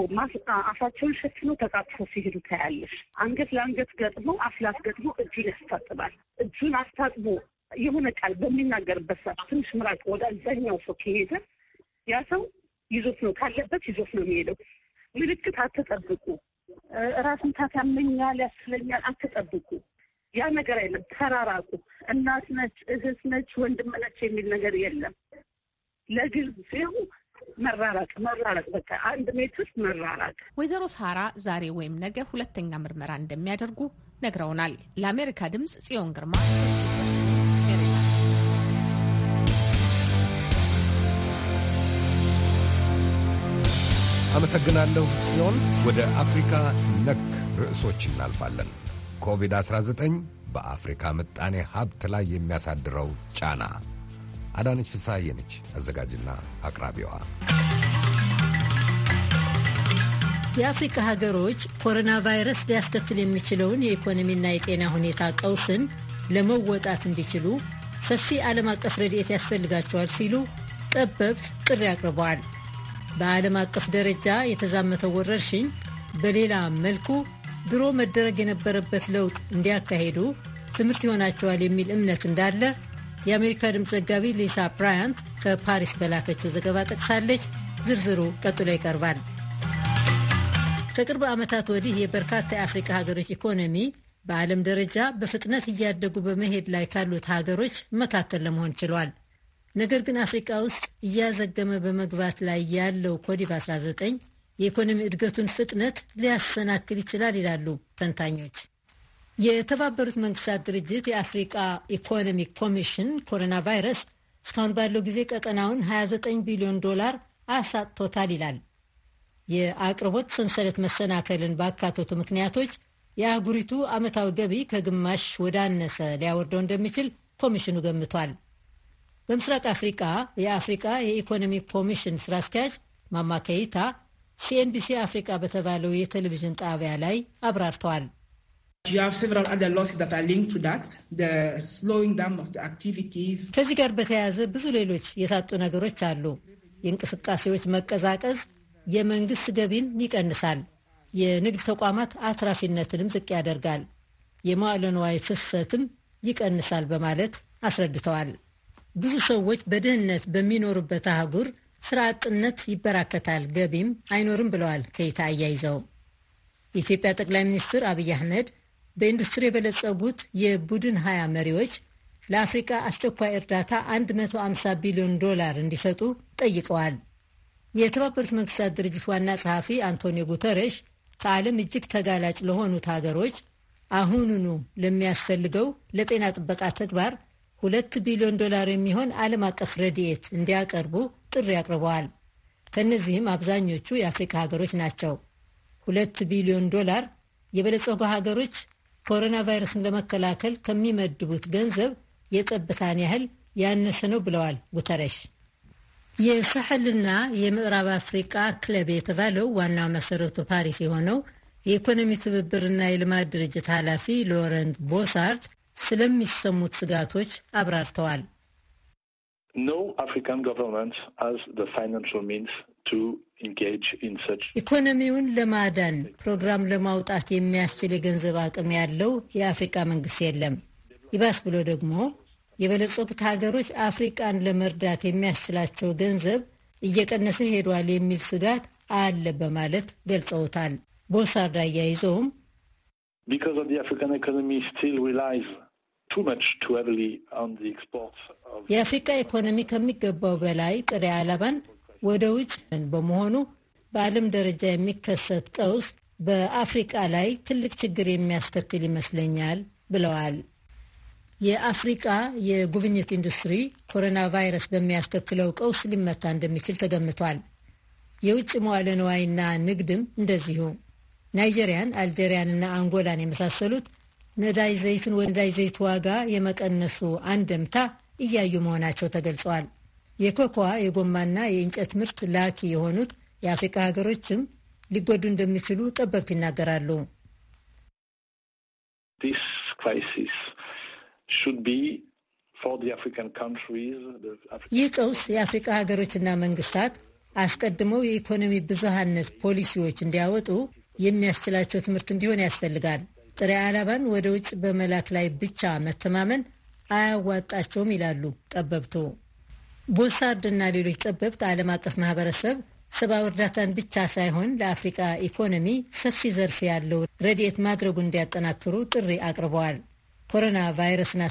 አፋቸውን ሸፍኖ ተቃቅፎ ሲሄዱ ታያለሽ። አንገት ለአንገት ገጥሞ አፍ ላፍ ገጥሞ እጁን ያስታጥባል። እጁን አስታጥቦ የሆነ ቃል በሚናገርበት ሰዓት ትንሽ ምራቅ ወደ አብዛኛው ሰው ከሄደ ያ ሰው ይዞት ነው ካለበት ይዞት ነው የሚሄደው። ምልክት አትጠብቁ። ራስ ምታት ያመኛል፣ ያስለኛል አትጠብቁ። ያ ነገር አይለም። ተራራቁ። እናት ነች፣ እህት ነች፣ ወንድም ነች የሚል ነገር የለም። ለጊዜው መራራቅ መራራቅ በቃ አንድ ሜትር መራራቅ። ወይዘሮ ሳራ ዛሬ ወይም ነገ ሁለተኛ ምርመራ እንደሚያደርጉ ነግረውናል። ለአሜሪካ ድምጽ ጽዮን ግርማ። አመሰግናለሁ ጽዮን። ወደ አፍሪካ ነክ ርዕሶች እናልፋለን። ኮቪድ-19 በአፍሪካ ምጣኔ ሀብት ላይ የሚያሳድረው ጫና። አዳነች ፍስሐዬ ነች አዘጋጅና አቅራቢዋ። የአፍሪካ ሀገሮች ኮሮና ቫይረስ ሊያስከትል የሚችለውን የኢኮኖሚና የጤና ሁኔታ ቀውስን ለመወጣት እንዲችሉ ሰፊ ዓለም አቀፍ ረድኤት ያስፈልጋቸዋል ሲሉ ጠበብት ጥሪ አቅርበዋል። በዓለም አቀፍ ደረጃ የተዛመተው ወረርሽኝ በሌላ መልኩ ድሮ መደረግ የነበረበት ለውጥ እንዲያካሄዱ ትምህርት ይሆናቸዋል የሚል እምነት እንዳለ የአሜሪካ ድምፅ ዘጋቢ ሊሳ ብራያንት ከፓሪስ በላከችው ዘገባ ጠቅሳለች። ዝርዝሩ ቀጥሎ ይቀርባል። ከቅርብ ዓመታት ወዲህ የበርካታ የአፍሪካ ሀገሮች ኢኮኖሚ በዓለም ደረጃ በፍጥነት እያደጉ በመሄድ ላይ ካሉት ሀገሮች መካከል ለመሆን ችሏል። ነገር ግን አፍሪካ ውስጥ እያዘገመ በመግባት ላይ ያለው ኮዲቭ 19 የኢኮኖሚ እድገቱን ፍጥነት ሊያሰናክል ይችላል ይላሉ ተንታኞች። የተባበሩት መንግስታት ድርጅት የአፍሪቃ ኢኮኖሚክ ኮሚሽን ኮሮና ቫይረስ እስካሁን ባለው ጊዜ ቀጠናውን 29 ቢሊዮን ዶላር አሳጥቶታል ይላል። የአቅርቦት ሰንሰለት መሰናከልን ባካተቱ ምክንያቶች የአህጉሪቱ ዓመታዊ ገቢ ከግማሽ ወዳነሰ ሊያወርደው እንደሚችል ኮሚሽኑ ገምቷል። በምስራቅ አፍሪቃ የአፍሪቃ የኢኮኖሚ ኮሚሽን ስራ አስኪያጅ ከይታ ሲኤንቢሲ አፍሪካ በተባለው የቴሌቪዥን ጣቢያ ላይ አብራርተዋል። ከዚህ ጋር በተያያዘ ብዙ ሌሎች የታጡ ነገሮች አሉ። የእንቅስቃሴዎች መቀዛቀዝ የመንግስት ገቢን ይቀንሳል፣ የንግድ ተቋማት አትራፊነትንም ዝቅ ያደርጋል፣ የመዋለ ንዋይ ፍሰትም ይቀንሳል በማለት አስረድተዋል። ብዙ ሰዎች በድህነት በሚኖሩበት አህጉር ስራ አጥነት ይበራከታል፣ ገቢም አይኖርም ብለዋል ከይታ አያይዘው። የኢትዮጵያ ጠቅላይ ሚኒስትር አብይ አህመድ በኢንዱስትሪ የበለጸጉት የቡድን ሀያ መሪዎች ለአፍሪካ አስቸኳይ እርዳታ 150 ቢሊዮን ዶላር እንዲሰጡ ጠይቀዋል። የተባበሩት መንግስታት ድርጅት ዋና ጸሐፊ አንቶኒዮ ጉተረሽ ከዓለም እጅግ ተጋላጭ ለሆኑት ሀገሮች አሁኑኑ ለሚያስፈልገው ለጤና ጥበቃ ተግባር ሁለት ቢሊዮን ዶላር የሚሆን ዓለም አቀፍ ረድኤት እንዲያቀርቡ ጥሪ አቅርበዋል። ከእነዚህም አብዛኞቹ የአፍሪካ ሀገሮች ናቸው። ሁለት ቢሊዮን ዶላር የበለጸጉ ሀገሮች ኮሮና ቫይረስን ለመከላከል ከሚመድቡት ገንዘብ የጠብታን ያህል ያነሰ ነው ብለዋል ጉተረሽ። የሳሕልና የምዕራብ አፍሪቃ ክለብ የተባለው ዋና መሰረቱ ፓሪስ የሆነው የኢኮኖሚ ትብብርና የልማት ድርጅት ኃላፊ ሎረንት ቦሳርድ ስለሚሰሙት ስጋቶች አብራርተዋል። ኢኮኖሚውን ለማዳን ፕሮግራም ለማውጣት የሚያስችል የገንዘብ አቅም ያለው የአፍሪቃ መንግስት የለም። ይባስ ብሎ ደግሞ የበለጸጉት ሀገሮች አፍሪቃን ለመርዳት የሚያስችላቸው ገንዘብ እየቀነሰ ሄዷል የሚል ስጋት አለ በማለት ገልጸውታል። ቦሳርድ አያይዘውም የአፍሪካ ኢኮኖሚ ከሚገባው በላይ ጥሬ አለባን ወደ ውጭ በመሆኑ በዓለም ደረጃ የሚከሰት ቀውስ በአፍሪቃ ላይ ትልቅ ችግር የሚያስከትል ይመስለኛል ብለዋል። የአፍሪቃ የጉብኝት ኢንዱስትሪ ኮሮና ቫይረስ በሚያስከትለው ቀውስ ሊመታ እንደሚችል ተገምቷል። የውጭ መዋለ ንዋይና ንግድም እንደዚሁ ናይጄሪያን፣ አልጄሪያንና አንጎላን የመሳሰሉት ነዳጅ ዘይትን ወይ ነዳጅ ዘይት ዋጋ የመቀነሱ አንደምታ እያዩ መሆናቸው ተገልጸዋል። የኮኮዋ የጎማና የእንጨት ምርት ላኪ የሆኑት የአፍሪካ ሀገሮችም ሊጎዱ እንደሚችሉ ጠበብት ይናገራሉ። ይህ ቀውስ የአፍሪካ ሀገሮችና መንግስታት አስቀድመው የኢኮኖሚ ብዝሃነት ፖሊሲዎች እንዲያወጡ የሚያስችላቸው ትምህርት እንዲሆን ያስፈልጋል። ጥሬ አላባን ወደ ውጭ በመላክ ላይ ብቻ መተማመን አያዋጣቸውም ይላሉ ጠበብቶ። ቦሳርድና ሌሎች ጠበብት ዓለም አቀፍ ማህበረሰብ ሰብአዊ እርዳታን ብቻ ሳይሆን ለአፍሪቃ ኢኮኖሚ ሰፊ ዘርፍ ያለው ረድኤት ማድረጉ እንዲያጠናክሩ ጥሪ አቅርበዋል። ኮሮና ቫይረስና